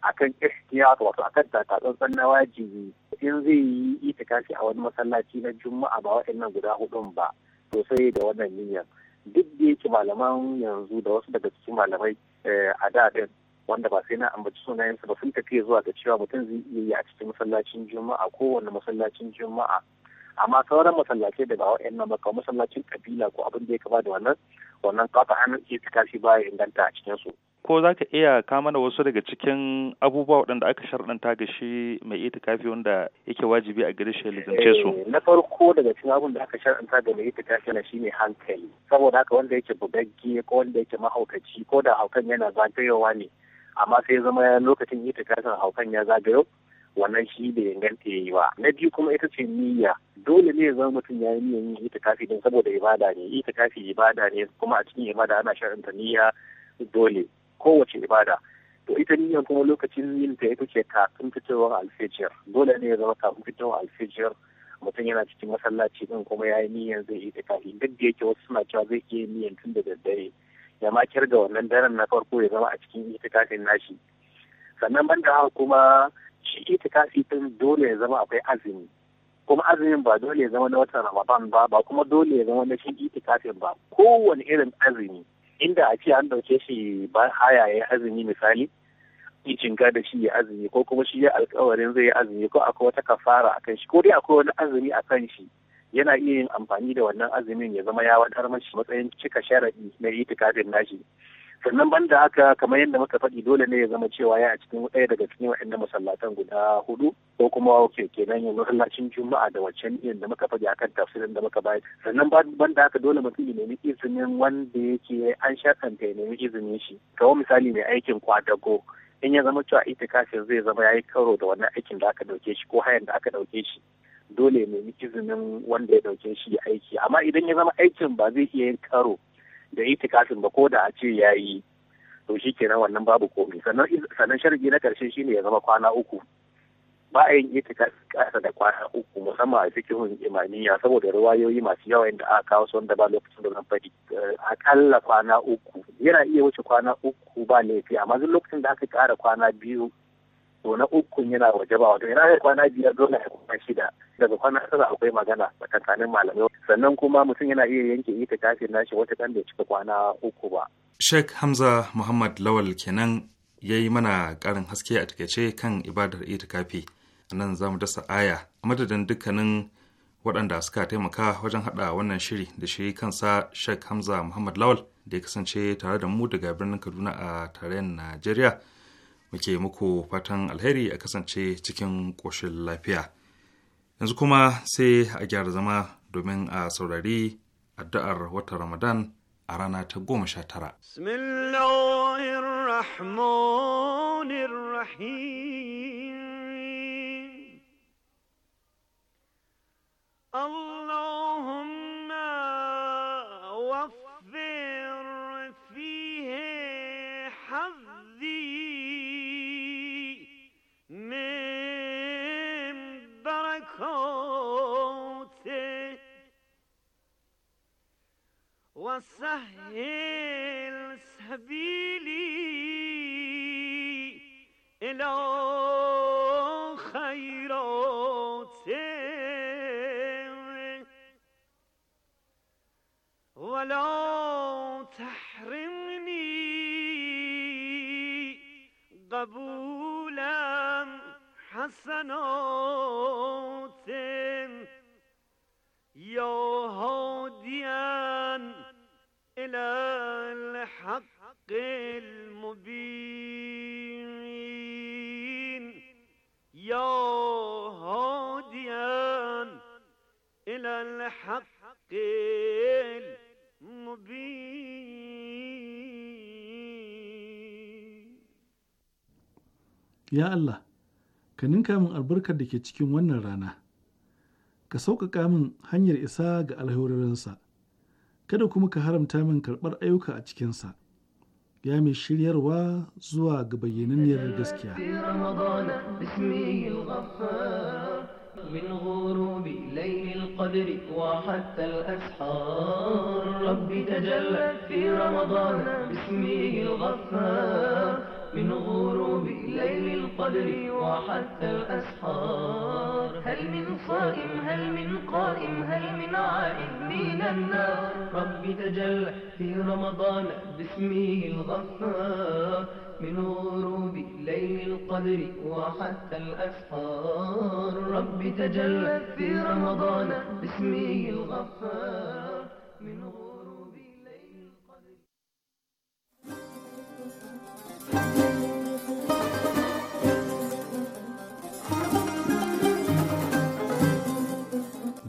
[SPEAKER 9] akan ihtiyat wato akan takatsantsan na wajibi in zai yi itikafi a wani masallaci na juma'a ba waɗannan guda hudun ba to sai da wannan niyyar duk da yake malaman yanzu da wasu daga cikin malamai eh, a da din wanda ba sai na ambaci sunayensu ba sun tafi zuwa ga cewa mutum zai iya yi a cikin masallacin juma'a ko kowane masallacin juma'a amma sauran masallacin da ba nan ba masallacin kabila ko abin da ya kama da wannan wannan kafa hannun ke fi kashi baya inganta a cikinsu.
[SPEAKER 4] ko za ka iya kama da wasu daga cikin abubuwa waɗanda aka sharɗanta ga shi mai itikafi wanda yake wajibi a gare shi lizance su eh,
[SPEAKER 9] na farko daga cikin abin da aka sharɗanta ga mai itikafi na shine hankali saboda haka wanda yake bugagge ko wanda yake mahaukaci ko da haukan yana zagayowa ne amma sai zama lokacin itikafin haukan ya zagayo wannan shi da inganta ya yi ba na biyu kuma ita ce niyya dole ne ya zama mutum ya yi niyyar yin itikafi don saboda ibada ne itikafi ibada ne kuma a cikin ibada ana sharɗanta niyya dole kowace ibada to ita niyyar kuma lokacin yin ta ita ce kafin fitowar alfijir dole ne ya zama kafin fitowar alfijir mutum yana cikin masallaci din kuma ya yi niyyar zai yi kafin. duk da yake wasu suna cewa zai iya niyyar tun da daddare ya ma kirga wannan daren na farko ya zama a cikin kafin nashi sannan banda haka kuma shi ita din dole ya zama akwai azumi kuma azumin ba dole ya zama na watan ramadan ba ba kuma dole ya zama na shi ita kafin ba kowane irin azumi inda a ce an ɗauke shi ba haya ya azumi misali cinka da shi ya azumi ko kuma shi ya alkawarin zai yi azumi ko akwai wata kafara a kan shi ko dai akwai wani azumi a kan shi yana iya yin amfani da wannan azumin ya zama ya wadar mashi matsayin cika sharaɗi na itikadin nashi sannan banda haka kamar yadda muka faɗi dole ne ya zama cewa ya a cikin ɗaya daga cikin waɗannan masallatan guda hudu ko kuma oke kenan yin masallacin juma'a da waccan yin da muka faɗi akan tafsirin da muka bayi sannan banda haka dole mutum ya nemi izinin wanda yake an shakanta ya nemi izinin shi kawai misali mai aikin kwadago in ya zama cewa itikafin zai zama ya yi karo da wannan aikin da aka ɗauke shi ko hayan da aka ɗauke shi dole ya nemi izinin wanda ya ɗauke shi aiki amma idan ya zama aikin ba zai iya yin karo da itikafin ba ko da a ce ya yi to shi kenan wannan babu komai sannan sharadi na karshe ne ya zama kwana uku ba a yin ita kasa da kwana uku musamman a cikin imaniya saboda ruwayoyi masu yawa da aka kawo su wanda ba lokacin da zan faɗi eh, akalla kwana uku yana iya wuce kwana uku ba laifi amma duk lokacin da aka kara kwana biyu to na ukun yana waje ba wato yana kwana biyar dole ya kwana shida daga kwana tara akwai magana tsakanin malamai sannan kuma mutum yana iya yanke ita kafin nashi wata kan bai cika kwana uku ba.
[SPEAKER 4] Sheikh Hamza Muhammad Lawal kenan ya yi mana karin haske a takaice kan ibadar itikafi a nan za mu dasa aya a madadin dukkanin waɗanda suka taimaka wajen haɗa wannan shiri da shi kansa shek Hamza Muhammad Lawal da ya kasance tare da mu daga birnin Kaduna a tarayyar Najeriya. muke muku fatan alheri a kasance cikin ƙoshin lafiya yanzu kuma sai a gyara zama domin a saurari addu'ar watan ramadan a rana ta goma sha tara
[SPEAKER 10] Allah وسهل سبيلي إلى خيراتك ولا تحرمني قبولا حسنات يا هاديا إلى الحق المبين يا هاديا إلى الحق
[SPEAKER 11] يا الله ka ninka min albarkar da ke cikin wannan rana, ka sauƙaƙa min hanyar isa ga alherorinsa. kada kuma ka haramta min karɓar ayyuka a cikinsa ya mai shiryarwa zuwa ga bayyananniyar gaskiya
[SPEAKER 1] من غروب ليل القدر وحتى الأسحار تجلى من غروب قدري وحتى الأسحار هل من صائم هل من قائم هل من عائد من النار ربي تجل في رمضان باسمه الغفار من غروب ليل القدر وحتى الأسحار ربي تجل
[SPEAKER 10] في رمضان باسمه الغفار من غروب ليل القدر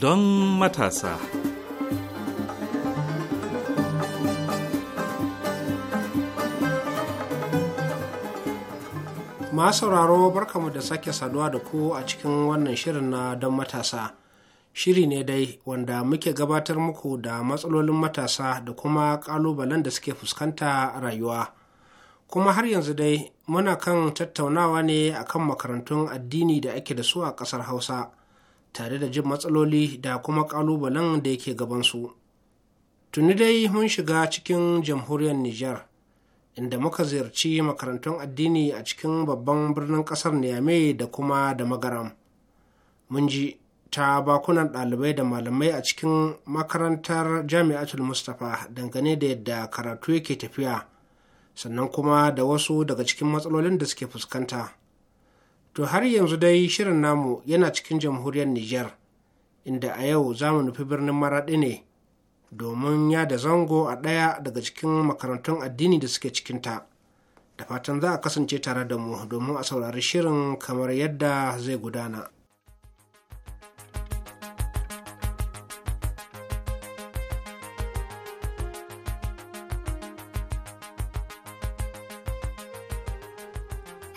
[SPEAKER 4] don matasa.
[SPEAKER 6] Ma sauraro barkamu da sake saduwa da ku a cikin wannan shirin na don matasa. Shiri ne dai wanda muke gabatar muku da matsalolin matasa da kuma ƙalubalen da suke fuskanta a rayuwa. kuma har yanzu dai muna kan tattaunawa ne akan makarantun addini da ake da su a ƙasar hausa tare da jin matsaloli da kuma ƙalubalen da yake gabansu tuni dai mun shiga cikin jamhuriyar Nijar, inda muka ziyarci makarantun addini a cikin babban birnin ƙasar niamey da kuma da magaram mun ji ta bakunan ɗalibai da malamai a cikin makarantar jami'atul mustapha dangane da yadda karatu yake tafiya sannan kuma da wasu daga cikin matsalolin da suke fuskanta To har yanzu dai shirin namu yana cikin jamhuriyar Nijar, inda a yau za mu nufi birnin Maraɗi ne domin ya da zango a ɗaya daga cikin makarantun addini da suke cikin ta, Da fatan za a kasance tare da mu domin a saurari shirin kamar yadda zai gudana.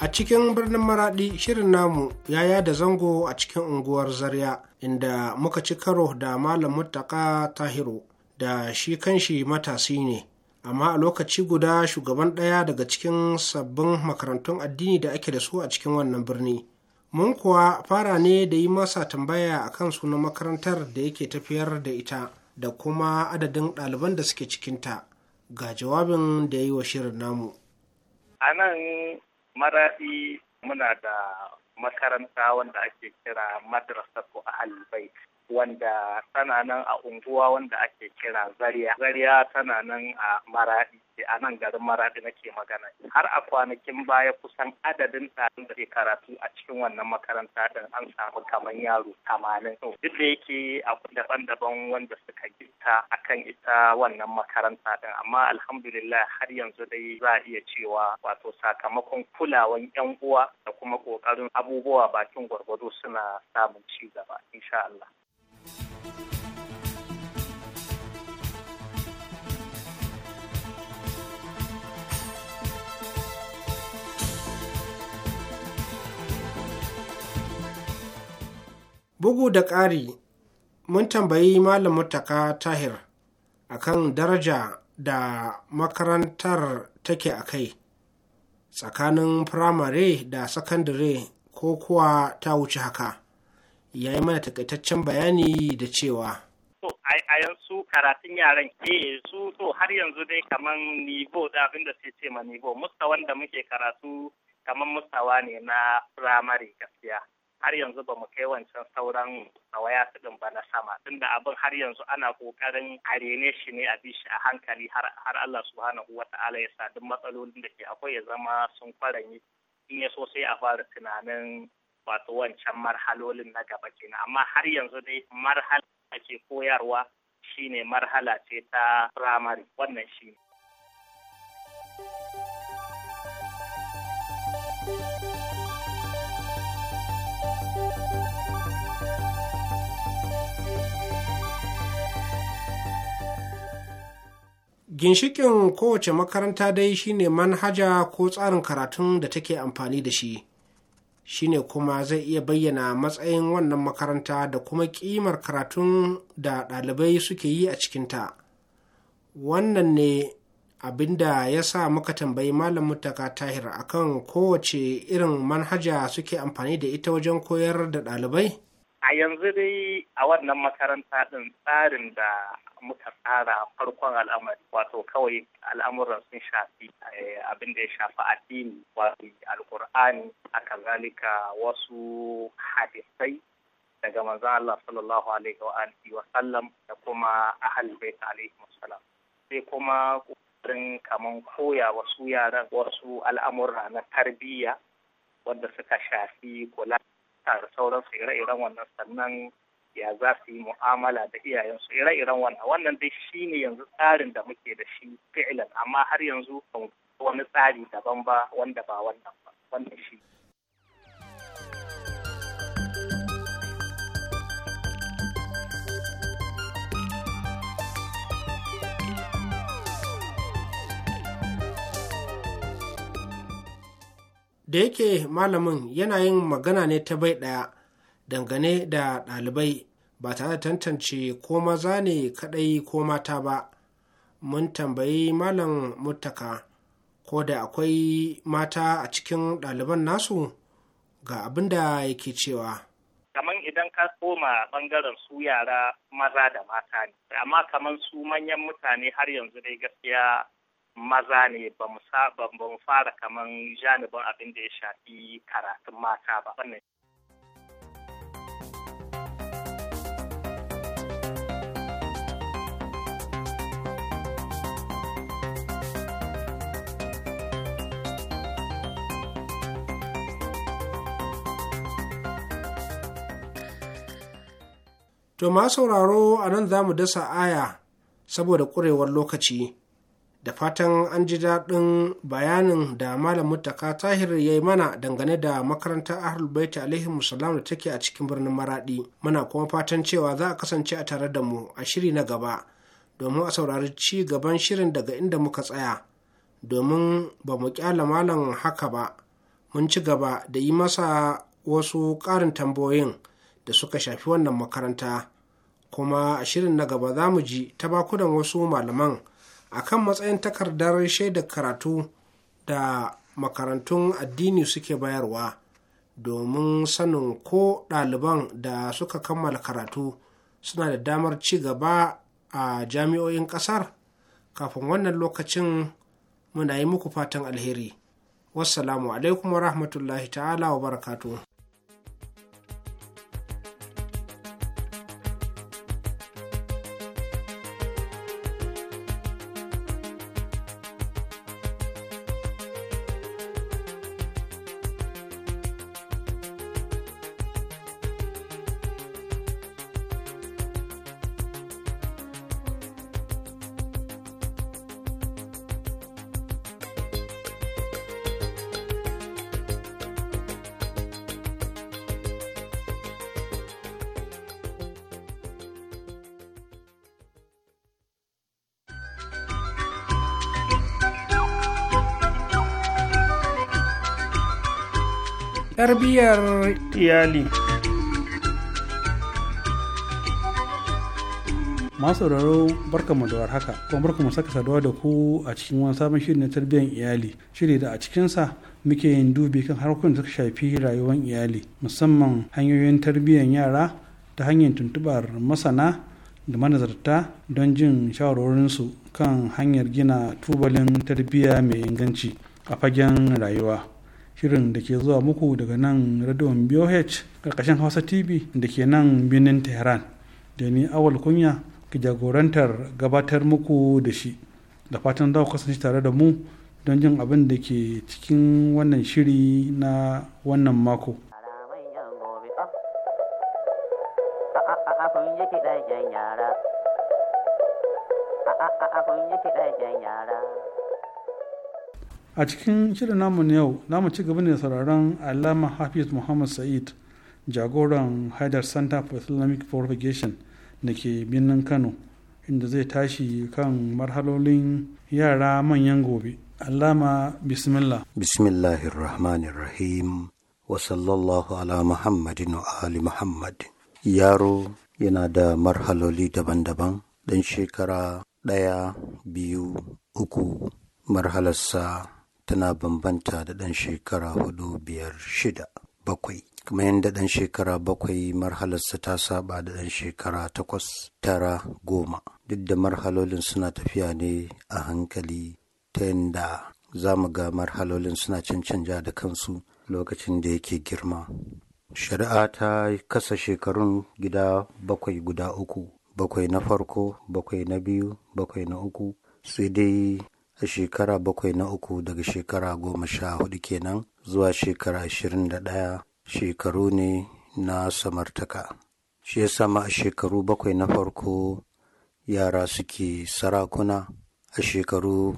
[SPEAKER 6] A cikin birnin Maraɗi shirin namu ya yada zango a cikin unguwar Zarya inda muka ci karo da Malam Muttaka Tahiru da shi kanshi matasi ne. Amma a lokaci guda shugaban ɗaya daga cikin sabbin makarantun addini da ake da su a cikin wannan birni. Mun kuwa fara ne da yi masa tambaya a kan sunan makarantar da yake tafiyar da ita da kuma adadin ɗaliban da suke cikinta. Ga jawabin da ya yi wa shirin namu.
[SPEAKER 12] A nan maradi muna da makaranta wanda ake kira madrasatu ahal bait wanda tana nan a unguwa wanda ake kira Zariya. Zariya tana nan a Maradi. a nan garin Maradi nake magana. Har a kwanakin baya kusan adadin ɗaliban da ke karatu a cikin wannan makaranta da an samu kamar yaro tamanin. Duk da yake akwai daban-daban wanda suka gita akan ita wannan makaranta din amma alhamdulillah har yanzu dai za a iya cewa wato sakamakon kulawan yan uwa da kuma ƙoƙarin abubuwa bakin gwargwado suna samun ci gaba insha Allah.
[SPEAKER 6] Bugu da ƙari, mun tambayi Malam Mutaka Tahir a kan daraja da makarantar take a kai tsakanin firamare da sakandare ko kuwa ta wuce haka. ya yi mana takaitaccen bayani da cewa
[SPEAKER 12] to a yanzu karatun yaran eh su to har yanzu dai kaman nivo da abin da sai ce ma nivo mustawan da muke karatu kaman mustawa ne na firamare gaskiya har yanzu ba mu kai wancan sauran su din ba na sama tunda abin har yanzu ana kokarin a rene shi ne a bi shi a hankali har Allah subhanahu wa ta'ala ya sa duk matsalolin da ke akwai ya zama sun kwaranyi in ya so sai a fara tunanin wato wancan marhalolin na gaba kenan amma har yanzu dai marhala ake koyarwa shine marhala ce ta firamare wannan shine
[SPEAKER 6] Ginshikin kowace makaranta dai shine manhaja ko tsarin karatun da take amfani da shi. shine kuma zai iya bayyana matsayin wannan makaranta da kuma kimar karatun da ɗalibai suke yi a cikinta wannan ne abinda ya sa muka tambayi malam mutaka tahir akan kowace irin manhaja suke amfani da ita wajen koyar da ɗalibai
[SPEAKER 12] a yanzu dai a wannan makaranta ɗin tsarin da muka tsara farkon al'amari wato kawai al'amuran sun shafi eh, abin da ya shafi addini wato alkur'ani aka zalika wasu hadisai daga manzo Allah sallallahu alaihi wa alihi wa sallam da kuma ahal bait alaihi wasallam sai kuma kokarin kaman koya wasu yaran wasu al'amura na tarbiyya wanda suka shafi kula mota sauran sauransu ire-iren wannan sannan ya za su yi mu'amala da iyayensu ire-iren wannan wannan dai shi ne yanzu tsarin da muke da shi fi'ilan amma har yanzu wani tsari daban ba wanda ba wannan ba wannan shi
[SPEAKER 6] da yake malamin yana yin magana ne ta bai ɗaya dangane da ɗalibai ba tare da tantance ko maza ne kaɗai ko mata ba mun tambayi malam muttaka ko da akwai mata a cikin ɗaliban nasu ga abin da yake cewa
[SPEAKER 12] kamar idan ka koma bangaren su yara maza da mata ne amma kamar su manyan mutane har yanzu dai gaskiya maza ne ba mu ba mu fara kaman janibin abin da ya shafi karatun mata ba wannan
[SPEAKER 6] To ma sauraro a nan za mu dasa aya saboda ƙurewar lokaci da fatan an ji daɗin bayanin da malam mutaka tahir ya yi mana dangane da makaranta ahlul baiti alaihi musallam da take a cikin birnin maradi muna kuma fatan cewa za a kasance a tare da mu a shiri na gaba domin a saurari ci gaban shirin daga inda muka tsaya domin ba mu kyala malam haka ba mun ci gaba da yi masa wasu ƙarin tambayoyin da suka shafi wannan makaranta kuma a shirin na gaba za mu ji ta bakunan wasu malaman a kan matsayin takardar shaidar karatu da makarantun addini suke bayarwa domin sanin ko ɗaliban da suka kammala karatu suna da damar ci gaba a jami'o'in ƙasar kafin wannan lokacin muna yi muku fatan alheri wassalamu alaikum wa rahmatullahi ta'ala wa barakatu.
[SPEAKER 13] tarbiyyar
[SPEAKER 2] iyali
[SPEAKER 11] masu sauraro mu da warhaka kuma mu saka saduwa da ku a cikin wani sabon shiri na tarbiyyar iyali shiri da a cikinsa muke yin dubi kan harkokin da suka shafi rayuwar iyali musamman hanyoyin tarbiyyar yara ta hanyar tuntubar masana da manazarta don jin shawarorinsu kan hanyar gina tubalin tarbiyya mai inganci a fagen rayuwa shirin da ke zuwa muku daga nan radon boh karkashin hausa tv da ke nan birnin tehran da ni awal kunya ke jagorantar gabatar muku da shi da fatan za ku kasance tare da mu don jin abin da ke cikin wannan shiri na wannan mako yara a cikin shirin namu na yau namu ci gaba ne sauraron alama hafiz muhammad sa'id jagoran haidar center for islamic propagation da ke birnin kano inda zai tashi kan marhalolin yara manyan gobe alama bismillah
[SPEAKER 14] bismillahirrahmanirrahim wa sallallahu ala muhammadin wa ali muhammad yaro yana da marhaloli daban-daban dan shekara ɗaya biyu uku marhalarsa tana bambanta da ɗan shekara hudu biyar shida bakwai kuma yadda ɗan shekara bakwai marhalarsa ta saba da ɗan shekara takwas tara goma duk da marhalolin suna tafiya ne a hankali ta yadda za mu ga marhalolin suna cancanja da kansu lokacin da yake girma shari'a ta kasa shekarun gida bakwai guda uku bakwai na farko bakwai na biyu bakwai na uku sai dai a shekara bakwai na uku daga shekara goma sha hudu kenan zuwa shekara ashirin da ɗaya shekaru ne na samartaka shi ya sama a shekaru bakwai na farko yara suke sarakuna a shekaru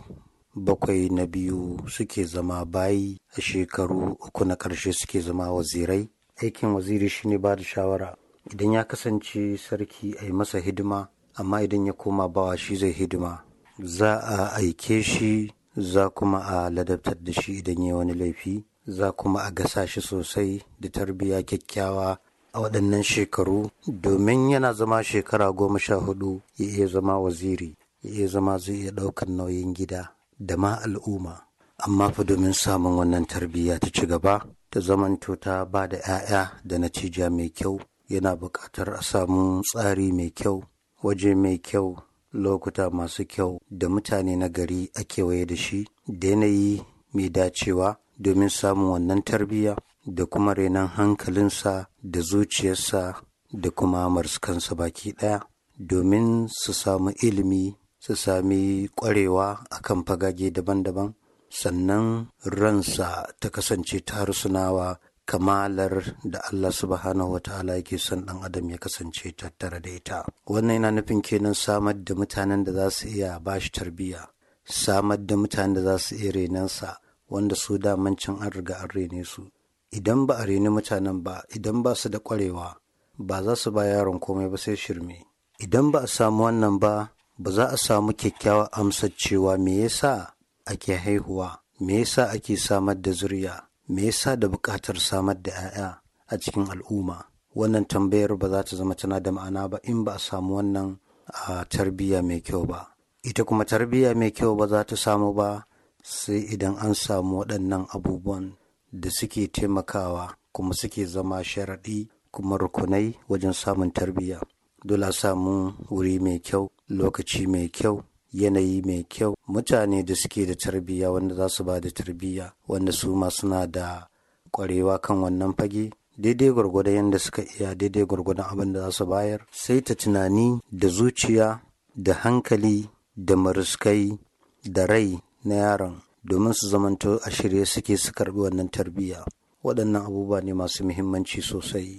[SPEAKER 14] bakwai na biyu suke zama bayi a shekaru uku na ƙarshe suke zama wazirai aikin waziri shine ba da shawara idan ya kasance sarki a yi masa hidima amma idan ya koma bawa shi zai hidima za a aike shi za kuma a ladabtar da shi idan ya wani laifi za kuma a gasa shi sosai da tarbiyya kyakkyawa a waɗannan shekaru domin yana zama shekara goma sha hudu ya iya zama waziri ya iya zama zai iya ɗaukar nauyin gida da ma al'umma amma fa domin samun wannan tarbiyya ta ci gaba ta zamanto ta ba da 'ya'ya da natija mai kyau yana buƙatar a samu tsari mai kyau waje mai kyau lokuta masu kyau da mutane na gari a kewaye da shi da yanayi mai dacewa domin samun wannan tarbiyya da kuma renon hankalinsa da zuciyarsa da kuma marskansa baki ɗaya domin su samu ilimi su sami ƙwarewa a kan fagage daban-daban sannan ransa ta kasance ta harsunawa kamalar da Allah subhanahu wa ta'ala yake son ɗan adam ya kasance tattare da ita wannan yana nufin kenan samar da mutanen da za su iya bashi tarbiyya samar da mutanen da za su iya renansa wanda su mancin an riga an rene su idan ba a reni mutanen ba idan ba su da ƙwarewa ba za su ba yaron komai ba sai shirme idan ba a samu wannan ba ba za a samu kyakkyawar amsar cewa me yasa ake haihuwa me yasa ake samar da zuriya me yasa da buƙatar samar da 'ya'ya a cikin al'umma wannan tambayar ba za ta zama tana da ma'ana ba in ba a samu wannan a tarbiyya mai kyau ba ita kuma tarbiyya mai kyau ba za ta samu ba sai idan an samu waɗannan abubuwan da suke taimakawa kuma suke zama sharaɗi kuma rukunai wajen samun tarbiyya dole a samu wuri mai kyau lokaci mai kyau yanayi mai kyau mutane da suke da tarbiyya wanda za su ba da tarbiyya wanda su ma suna da kwarewa kan wannan fage daidai gwargwadon yadda suka iya daidai gwargwadon abin da za su bayar sai ta tunani da zuciya da hankali da maruskai da rai na yaron domin su zamanto a shirye suke su karbi wannan tarbiyya waɗannan abubuwa ne masu muhimmanci sosai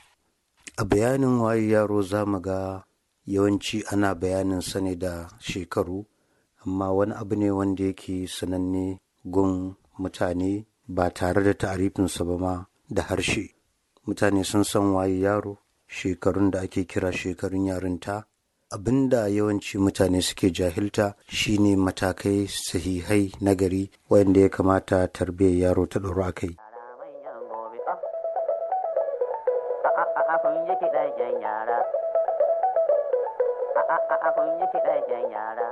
[SPEAKER 14] a bayanin waye yaro za mu ga yawanci ana bayanin sa ne da shekaru amma wani abu ne wanda yake sananne gun mutane ba tare da ta'arifinsa ba ma da harshe mutane sun san waye yaro shekarun da ake kira shekarun yarinta abin da yawanci mutane suke jahilta shine matakai sahihai nagari wanda ya kamata tarbiyyar yaro ta ɗora a kai
[SPEAKER 12] yara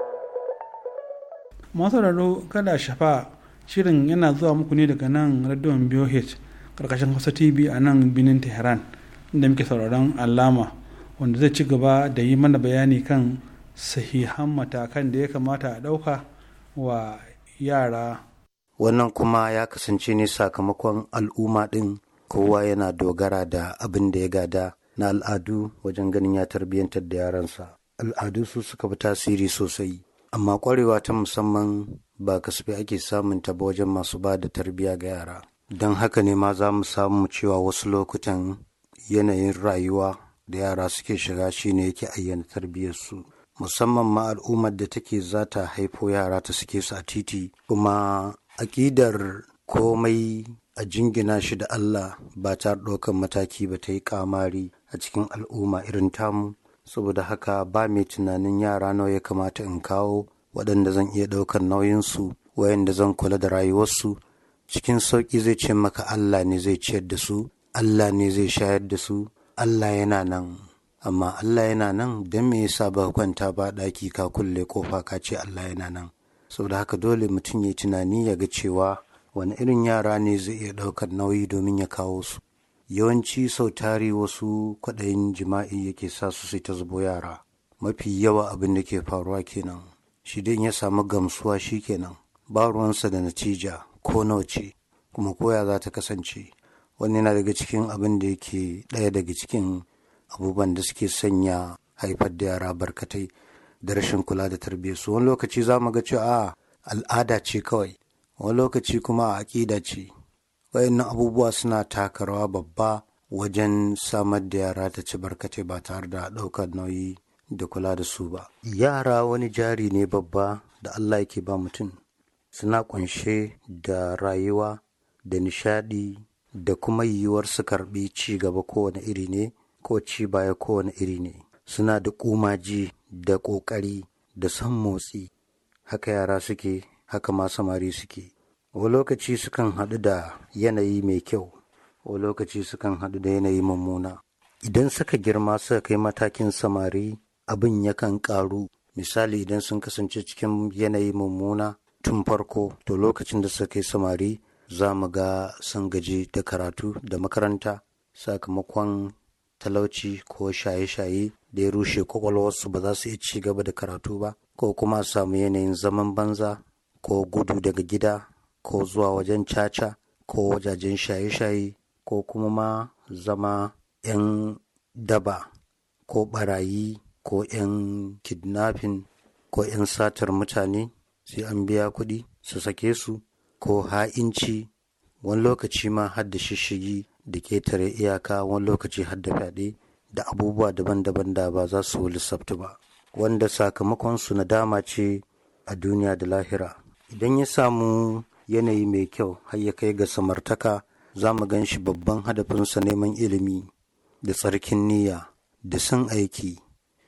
[SPEAKER 11] masararo kada shafa shirin yana zuwa muku ne daga nan radon BOH karkashin Hausa TV a nan binin Tehran inda muke sauraron alama wanda zai ci gaba da yi mana bayani kan sahihan matakan da ya kamata a ɗauka wa yara.
[SPEAKER 14] Wannan kuma ya kasance ne sakamakon al'umma ɗin kowa yana dogara da abin da ya gada na al'adu wajen ganin ya tarbiyyantar da yaransa. Al'adu su suka fi tasiri sosai amma kwarewa ta musamman ba kasafai ake samun ta wajen masu ba da tarbiyya ga yara don haka ne ma za mu samu cewa wasu lokutan yanayin rayuwa da yara suke shiga shine yake ayyana tarbiyyarsu musamman ma al'ummar da take za ta haifo yara ta suke su a titi kuma aƙidar komai a jingina shi da Allah ba ta ɗaukan mataki ba ta yi kamari a cikin al'umma irin tamu saboda haka ba mai tunanin yara nawa ya kamata in kawo waɗanda zan iya ɗaukar nauyinsu wayanda zan kula da rayuwarsu cikin sauƙi zai ce maka Allah ne zai ciyar da su Allah ne zai shayar da su Allah yana nan amma Allah yana nan don me yasa ba kwanta ba ɗaki ka kulle kofa ka ce Allah yana nan saboda haka dole mutum ya tunani ya ga cewa wani irin yara ne zai iya ɗaukar nauyi domin ya kawo su yawanci sau tari wasu kwaɗayin jima'i yake sa su sai ta zubo yara mafi yawa abin da ke faruwa kenan shi dai ya samu gamsuwa shi kenan ba ruwansa da natija ko nauce kuma koya za ta kasance wani yana daga cikin abin da yake ɗaya daga cikin abubuwan da suke sanya haifar da yara barkatai da rashin kula da su. wani lokaci za mu ga cewa al'ada ce kawai wani lokaci kuma a aƙida ce wayannan abubuwa suna taka rawa babba wajen samar da yara ta ci barkace ba tare da ɗaukar nauyi da kula da su ba. Yara wani jari ne babba da Allah yake ba mutum. Suna ƙunshe da rayuwa da nishaɗi da kuma yiwuwar su karɓi ci gaba kowane iri ne ko ci baya kowane iri ne. Suna da ƙumaji da ƙoƙari da son motsi. Haka yara suke, haka ma samari suke. wa lokaci sukan haɗu da yanayi mai kyau wa lokaci sukan haɗu da yanayi mummuna idan suka girma suka kai matakin samari abin yakan ƙaru misali idan sun kasance cikin yanayi mummuna tun farko to lokacin da suka kai samari za mu ga sun gaji da karatu da makaranta sakamakon talauci ko shaye-shaye da ya rushe kwakwalwarsu ba za su iya ci gaba da karatu ba ko kuma samu yanayin zaman banza ko gudu daga gida ko zuwa wajen caca ko wajajen shaye-shaye ko kuma ma zama 'yan daba ko barayi ko 'yan kidnafin, ko 'yan satar mutane sai an biya kuɗi su sake su ko ha'inci wani lokaci ma har da shishigi da ketare iyaka wani lokaci har da fyaɗe da abubuwa daban-daban da ba za su lissafta ba wanda sakamakonsu nadama ce a duniya da lahira idan ya samu yanayi mai kyau har ya kai ga samartaka za mu gan shi babban hadafinsa neman ilimi da tsarkin niyya da san aiki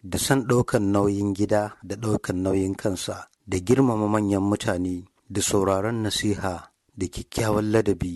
[SPEAKER 14] da san ɗaukan nauyin gida da ɗaukan nauyin kansa da girmama manyan mutane da sauraron nasiha da kyakkyawan ladabi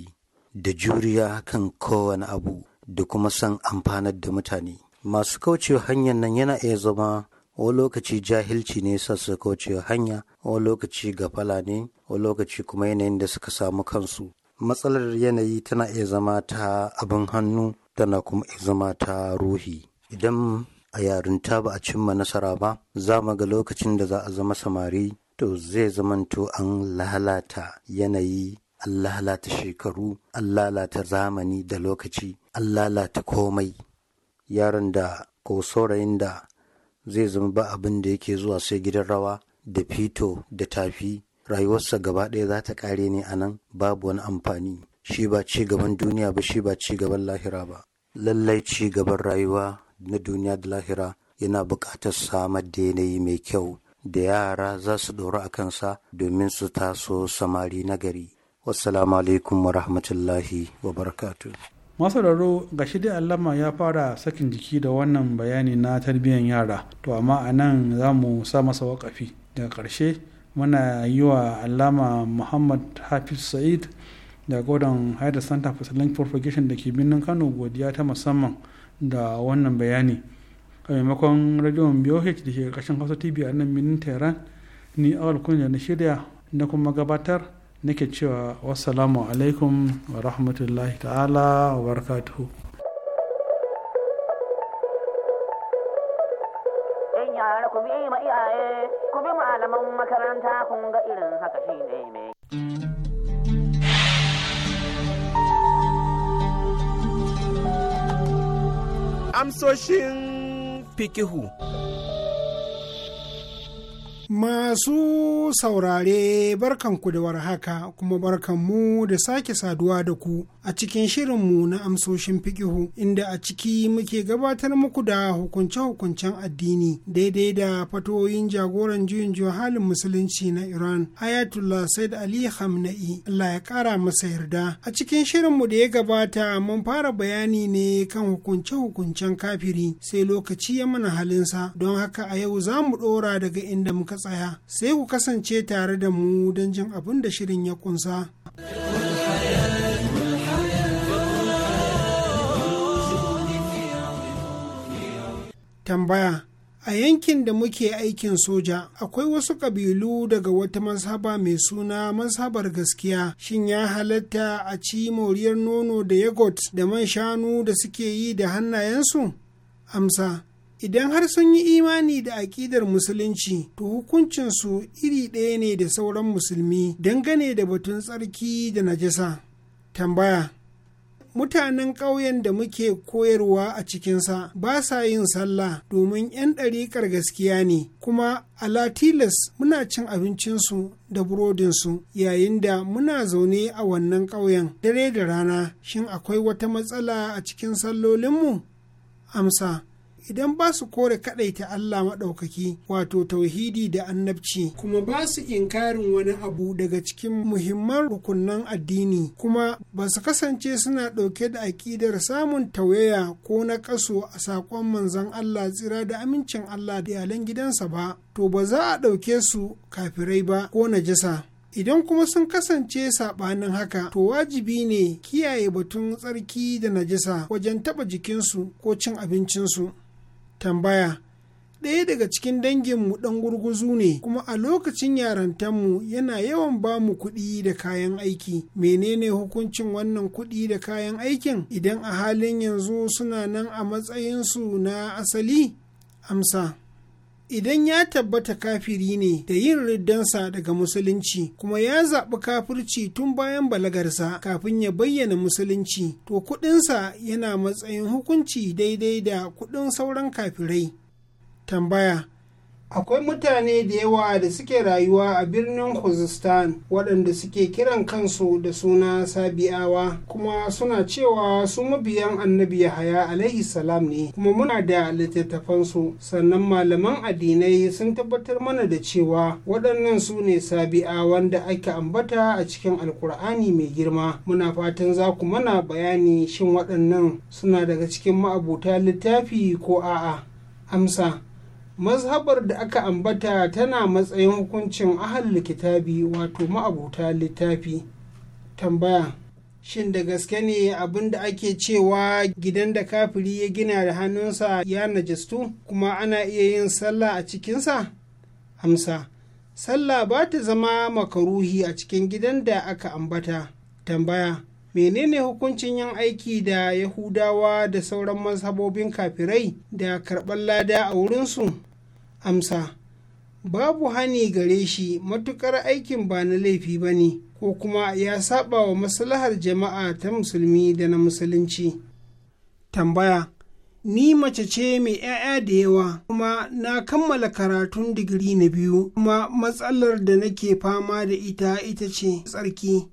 [SPEAKER 14] da juriya kan kowane abu da kuma san amfanar da mutane masu kaucewa hanyar nan yana iya zama o lokaci jahilci ne sa su kaucewa hanya o lokaci gafala ne o lokaci kuma yanayin da suka samu kansu matsalar yanayi tana iya zama ta abin hannu tana kuma iya zama ta ruhi idan a yarinta ba a cimma nasara ba za mu ga lokacin da za a zama samari to zai zamanto an lalata yanayi an lalata shekaru an lalata zamani da lokaci an lalata komai yaron da ko saurayin da zai zama ba abin da yake zuwa sai gidan rawa da fito da tafi rayuwarsa gaba ɗaya za ta ƙare ne a nan babu wani amfani shi ba ci gaban duniya ba shi ba ci gaban lahira ba lallai ci gaban rayuwa na duniya da lahira yana buƙatar samar da yanayi mai kyau da yara za su ɗora a kansa domin su taso samari nagari wasu alaikum wa rahmatullahi wa barakatu
[SPEAKER 11] masararro ga shi dai allama ya fara sakin jiki da wannan bayani na tarbiyyar yara to amma a nan za mu sa masa wakafi daga karshe muna yi wa allama muhammad hafiz sa'id da gordon haida santa for islamic propagation da ke birnin kano godiya ta musamman da wannan bayani a maimakon radiyon boh da ke ƙarshen hausa tv a nan birnin tehran ni awal kunya na shirya na kuma gabatar nake cewa wassalamu alaikum wa rahmatullahi ta'ala wa barakatuhu
[SPEAKER 13] ku bi
[SPEAKER 1] ma iyaye ku bi malaman makaranta
[SPEAKER 10] kun ga irin haka shine mai
[SPEAKER 13] amsoshin fikihu. Masu saurare barkanku da warhaka kuma barkanmu da sake saduwa da ku a cikin shirin mu na amsoshin fikihu inda a ciki muke gabatar muku da hukunce-hukuncen addini daidai da fatoyin jagoran juyin halin musulunci na Iran Ayatullah Said Ali Hamna'i Allah ya kara masa yarda. A cikin shirin mu da ya gabata mun fara bayani ne kan hukunce-hukuncen kafiri sai lokaci ya mana halinsa don haka a yau za mu ɗora daga inda muka muka tsaya sai ku kasance tare da mu don jin abin da shirin ya kunsa. Tambaya A yankin da muke aikin soja, akwai wasu ƙabilu daga wata mazhaba mai suna mazhabar gaskiya. Shin ya halatta a ci moriyar nono da yagot da man shanu da suke yi da hannayensu? Amsa. idan har sun yi imani da aƙidar musulunci to hukuncinsu iri ɗaya ne da sauran musulmi dangane da batun tsarki da najasa tambaya mutanen ƙauyen da muke koyarwa a cikinsa ba sa yin sallah domin 'yan ɗariƙar gaskiya ne kuma ala tilas muna cin abincinsu da burodinsu yayin da muna zaune a wannan ƙauyen dare da rana shin akwai wata matsala a cikin sallolinmu amsa idan ba su kore kaɗaita Allah maɗaukaki wato tauhidi da annabci kuma ba su inkarin wani abu daga cikin muhimman rukunan addini kuma ba su kasance suna ɗauke da aƙidar samun tauyaya ko na ƙaso a saƙon manzon Allah tsira da amincin Allah da iyalan gidansa ba to ba za a ɗauke su kafirai ba ko najasa. idan kuma sun kasance saɓanin haka to wajibi ne kiyaye batun tsarki da najisa wajen taɓa jikinsu ko cin abincinsu tambaya ɗaya daga cikin danginmu ɗan gurguzu ne kuma a lokacin yarantanmu yana yawan ba mu kuɗi da kayan aiki menene hukuncin wannan kuɗi da kayan aikin idan a halin yanzu suna nan a matsayinsu na asali amsa idan ya tabbata kafiri ne da yin riddansa daga musulunci kuma ya zaɓi kafirci tun bayan balagarsa kafin ya bayyana musulunci to kuɗinsa yana matsayin hukunci daidai da kuɗin sauran kafirai tambaya akwai mutane da yawa da suke rayuwa a birnin khuzistan waɗanda suke kiran kansu da suna sabi'awa kuma suna cewa su mabiyan annabi yahaya alaihi salam ne kuma muna da littattafansu sannan malaman addinai sun tabbatar mana da cewa waɗannan su ne sabi'awan da ake ambata a cikin alkur'ani mai girma muna fatan za ku mana bayani shin waɗannan suna daga cikin ma'abuta littafi ko a'a amsa mazhabar da aka ambata tana matsayin hukuncin ahal kitabi wato ma'abuta littafi tambaya shin da gaske ne abin da ake cewa gidan da kafiri ya gina da hannunsa ya najistu kuma ana iya yin sallah a cikinsa amsa sallah ba ta zama makaruhi a cikin gidan da aka ambata tambaya menene hukuncin yin aiki da yahudawa da sauran mazhabobin kafirai da karɓar lada a wurinsu amsa babu hani gare shi matukar aikin ba na laifi ba ne ko kuma ya saba wa maslahar jama'a ta musulmi da na musulunci tambaya ni mace ce mai 'ya'ya da yawa kuma na kammala karatun digiri na biyu kuma matsalar da nake fama da ita ita ce tsarki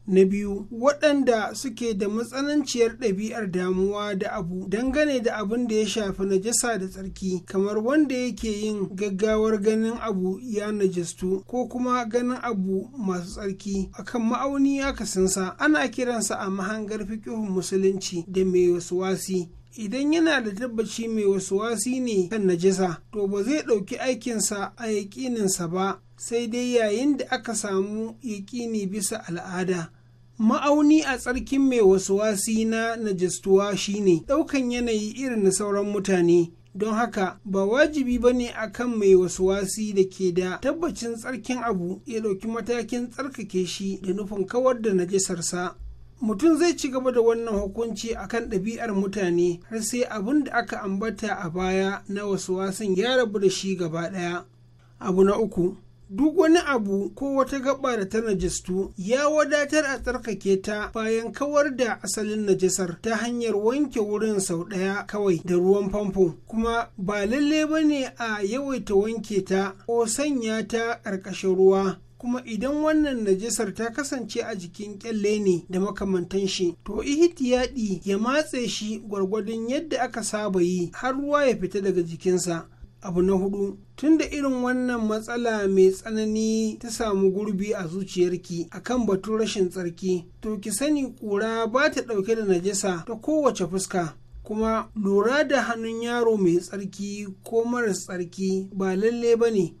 [SPEAKER 13] na biyu waɗanda suke da matsananciyar ɗabi'ar damuwa da abu dangane da abin da ya shafi najasa da tsarki kamar wanda yake yin gaggawar ganin abu ya najastu ko kuma ganin abu masu tsarki akan ma'auni ya kasansa ana kiransa a mahangar fikihun musulunci da mai wasu wasi idan yana da tabbaci mai wasu wasi ne kan najasa to ba zai ɗauki aikinsa a yaƙininsa ba sai dai yayin da aka samu yaƙini bisa al'ada ma'auni a tsarkin mai wasu wasi na najistuwa shine ɗaukan yanayi irin na sauran mutane don haka ba wajibi ba ne a kan mai wasi da ke da tabbacin tsarkin abu ya ɗauki matakin tsarkake shi da nufin kawar da najisarsa mutum zai ci gaba da wannan hukunci a kan ɗabi'ar mutane har sai abin da aka ambata a baya na wasu wasan ya rabu da shi gaba ɗaya abu na uku duk wani abu ko wata gaba da ta najistu ya wadatar a tsarkake ta bayan kawar da asalin najisar ta hanyar wanke wurin sau ɗaya kawai da ruwan famfo kuma ba lalle ba ne a yawaita wanke ta ko sanya ta ƙarƙashin ruwa kuma idan wannan najisar ta kasance a jikin kyalle ne da makamantan shi to ihtiyadi ya matse shi gwargwadon yadda aka saba yi har ruwa ya fita daga jikinsa abu na hudu tunda irin wannan matsala mai tsanani ta samu gurbi a zuciyarki akan batun rashin tsarki to ki sani kura ba ta dauke da najasa ta kowace fuska kuma lura da hannun yaro mai tsarki ko mara tsarki ba lalle ba ne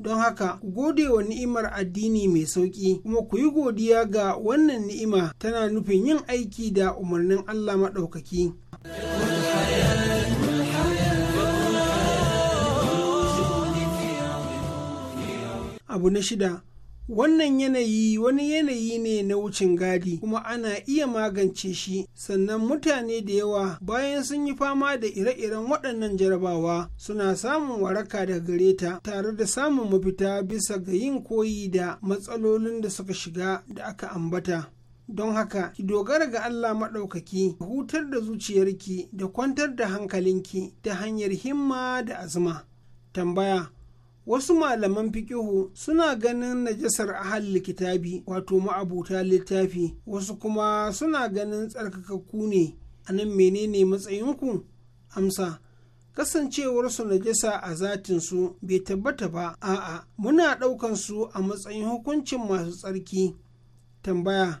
[SPEAKER 13] don haka ku gode wa ni'imar addini mai sauƙi kuma ku yi godiya ga wannan ni'ima tana nufin yin aiki da umarnin Allah maɗaukaki. abu na shida Wannan yanayi wani yanayi ne na wucin gadi kuma ana iya magance shi sannan mutane da yawa bayan sun yi fama da ire-iren waɗannan jarabawa suna samun waraka daga gare ta tare da samun mafita bisa ga yin koyi da matsalolin da suka shiga da aka ambata. don haka ki dogara ga Allah maɗaukaki hutar da zuciyarki da kwantar da hankalinki ta hanyar himma da azuma. Tambaya wasu malaman fikihu suna ganin najasar ahal kitabi wato ma'abuta littafi wasu kuma suna ganin tsarkakakku ne a nan menene matsayinku amsa kasancewarsu najasa a zatinsu bai tabbata ba a'a muna su a matsayin hukuncin masu tsarki tambaya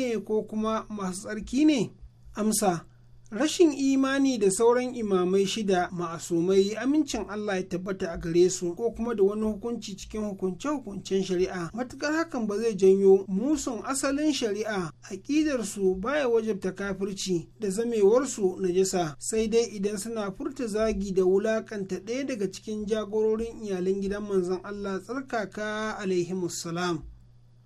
[SPEAKER 13] ko kuma masu tsarki ne amsa rashin imani da sauran imamai shida ma'asumai amincin Allah ya tabbata a gare su ko kuma da wani hukunci cikin hukunce-hukuncen shari'a matukar hakan ba zai janyo musun asalin shari'a aƙidar su baya wajabta kafirci da zamewarsu najasa sai dai idan suna furta zagi da wulakanta ɗaya daga cikin jagororin iyalan gidan manzon Allah tsarkaka alaihimussalam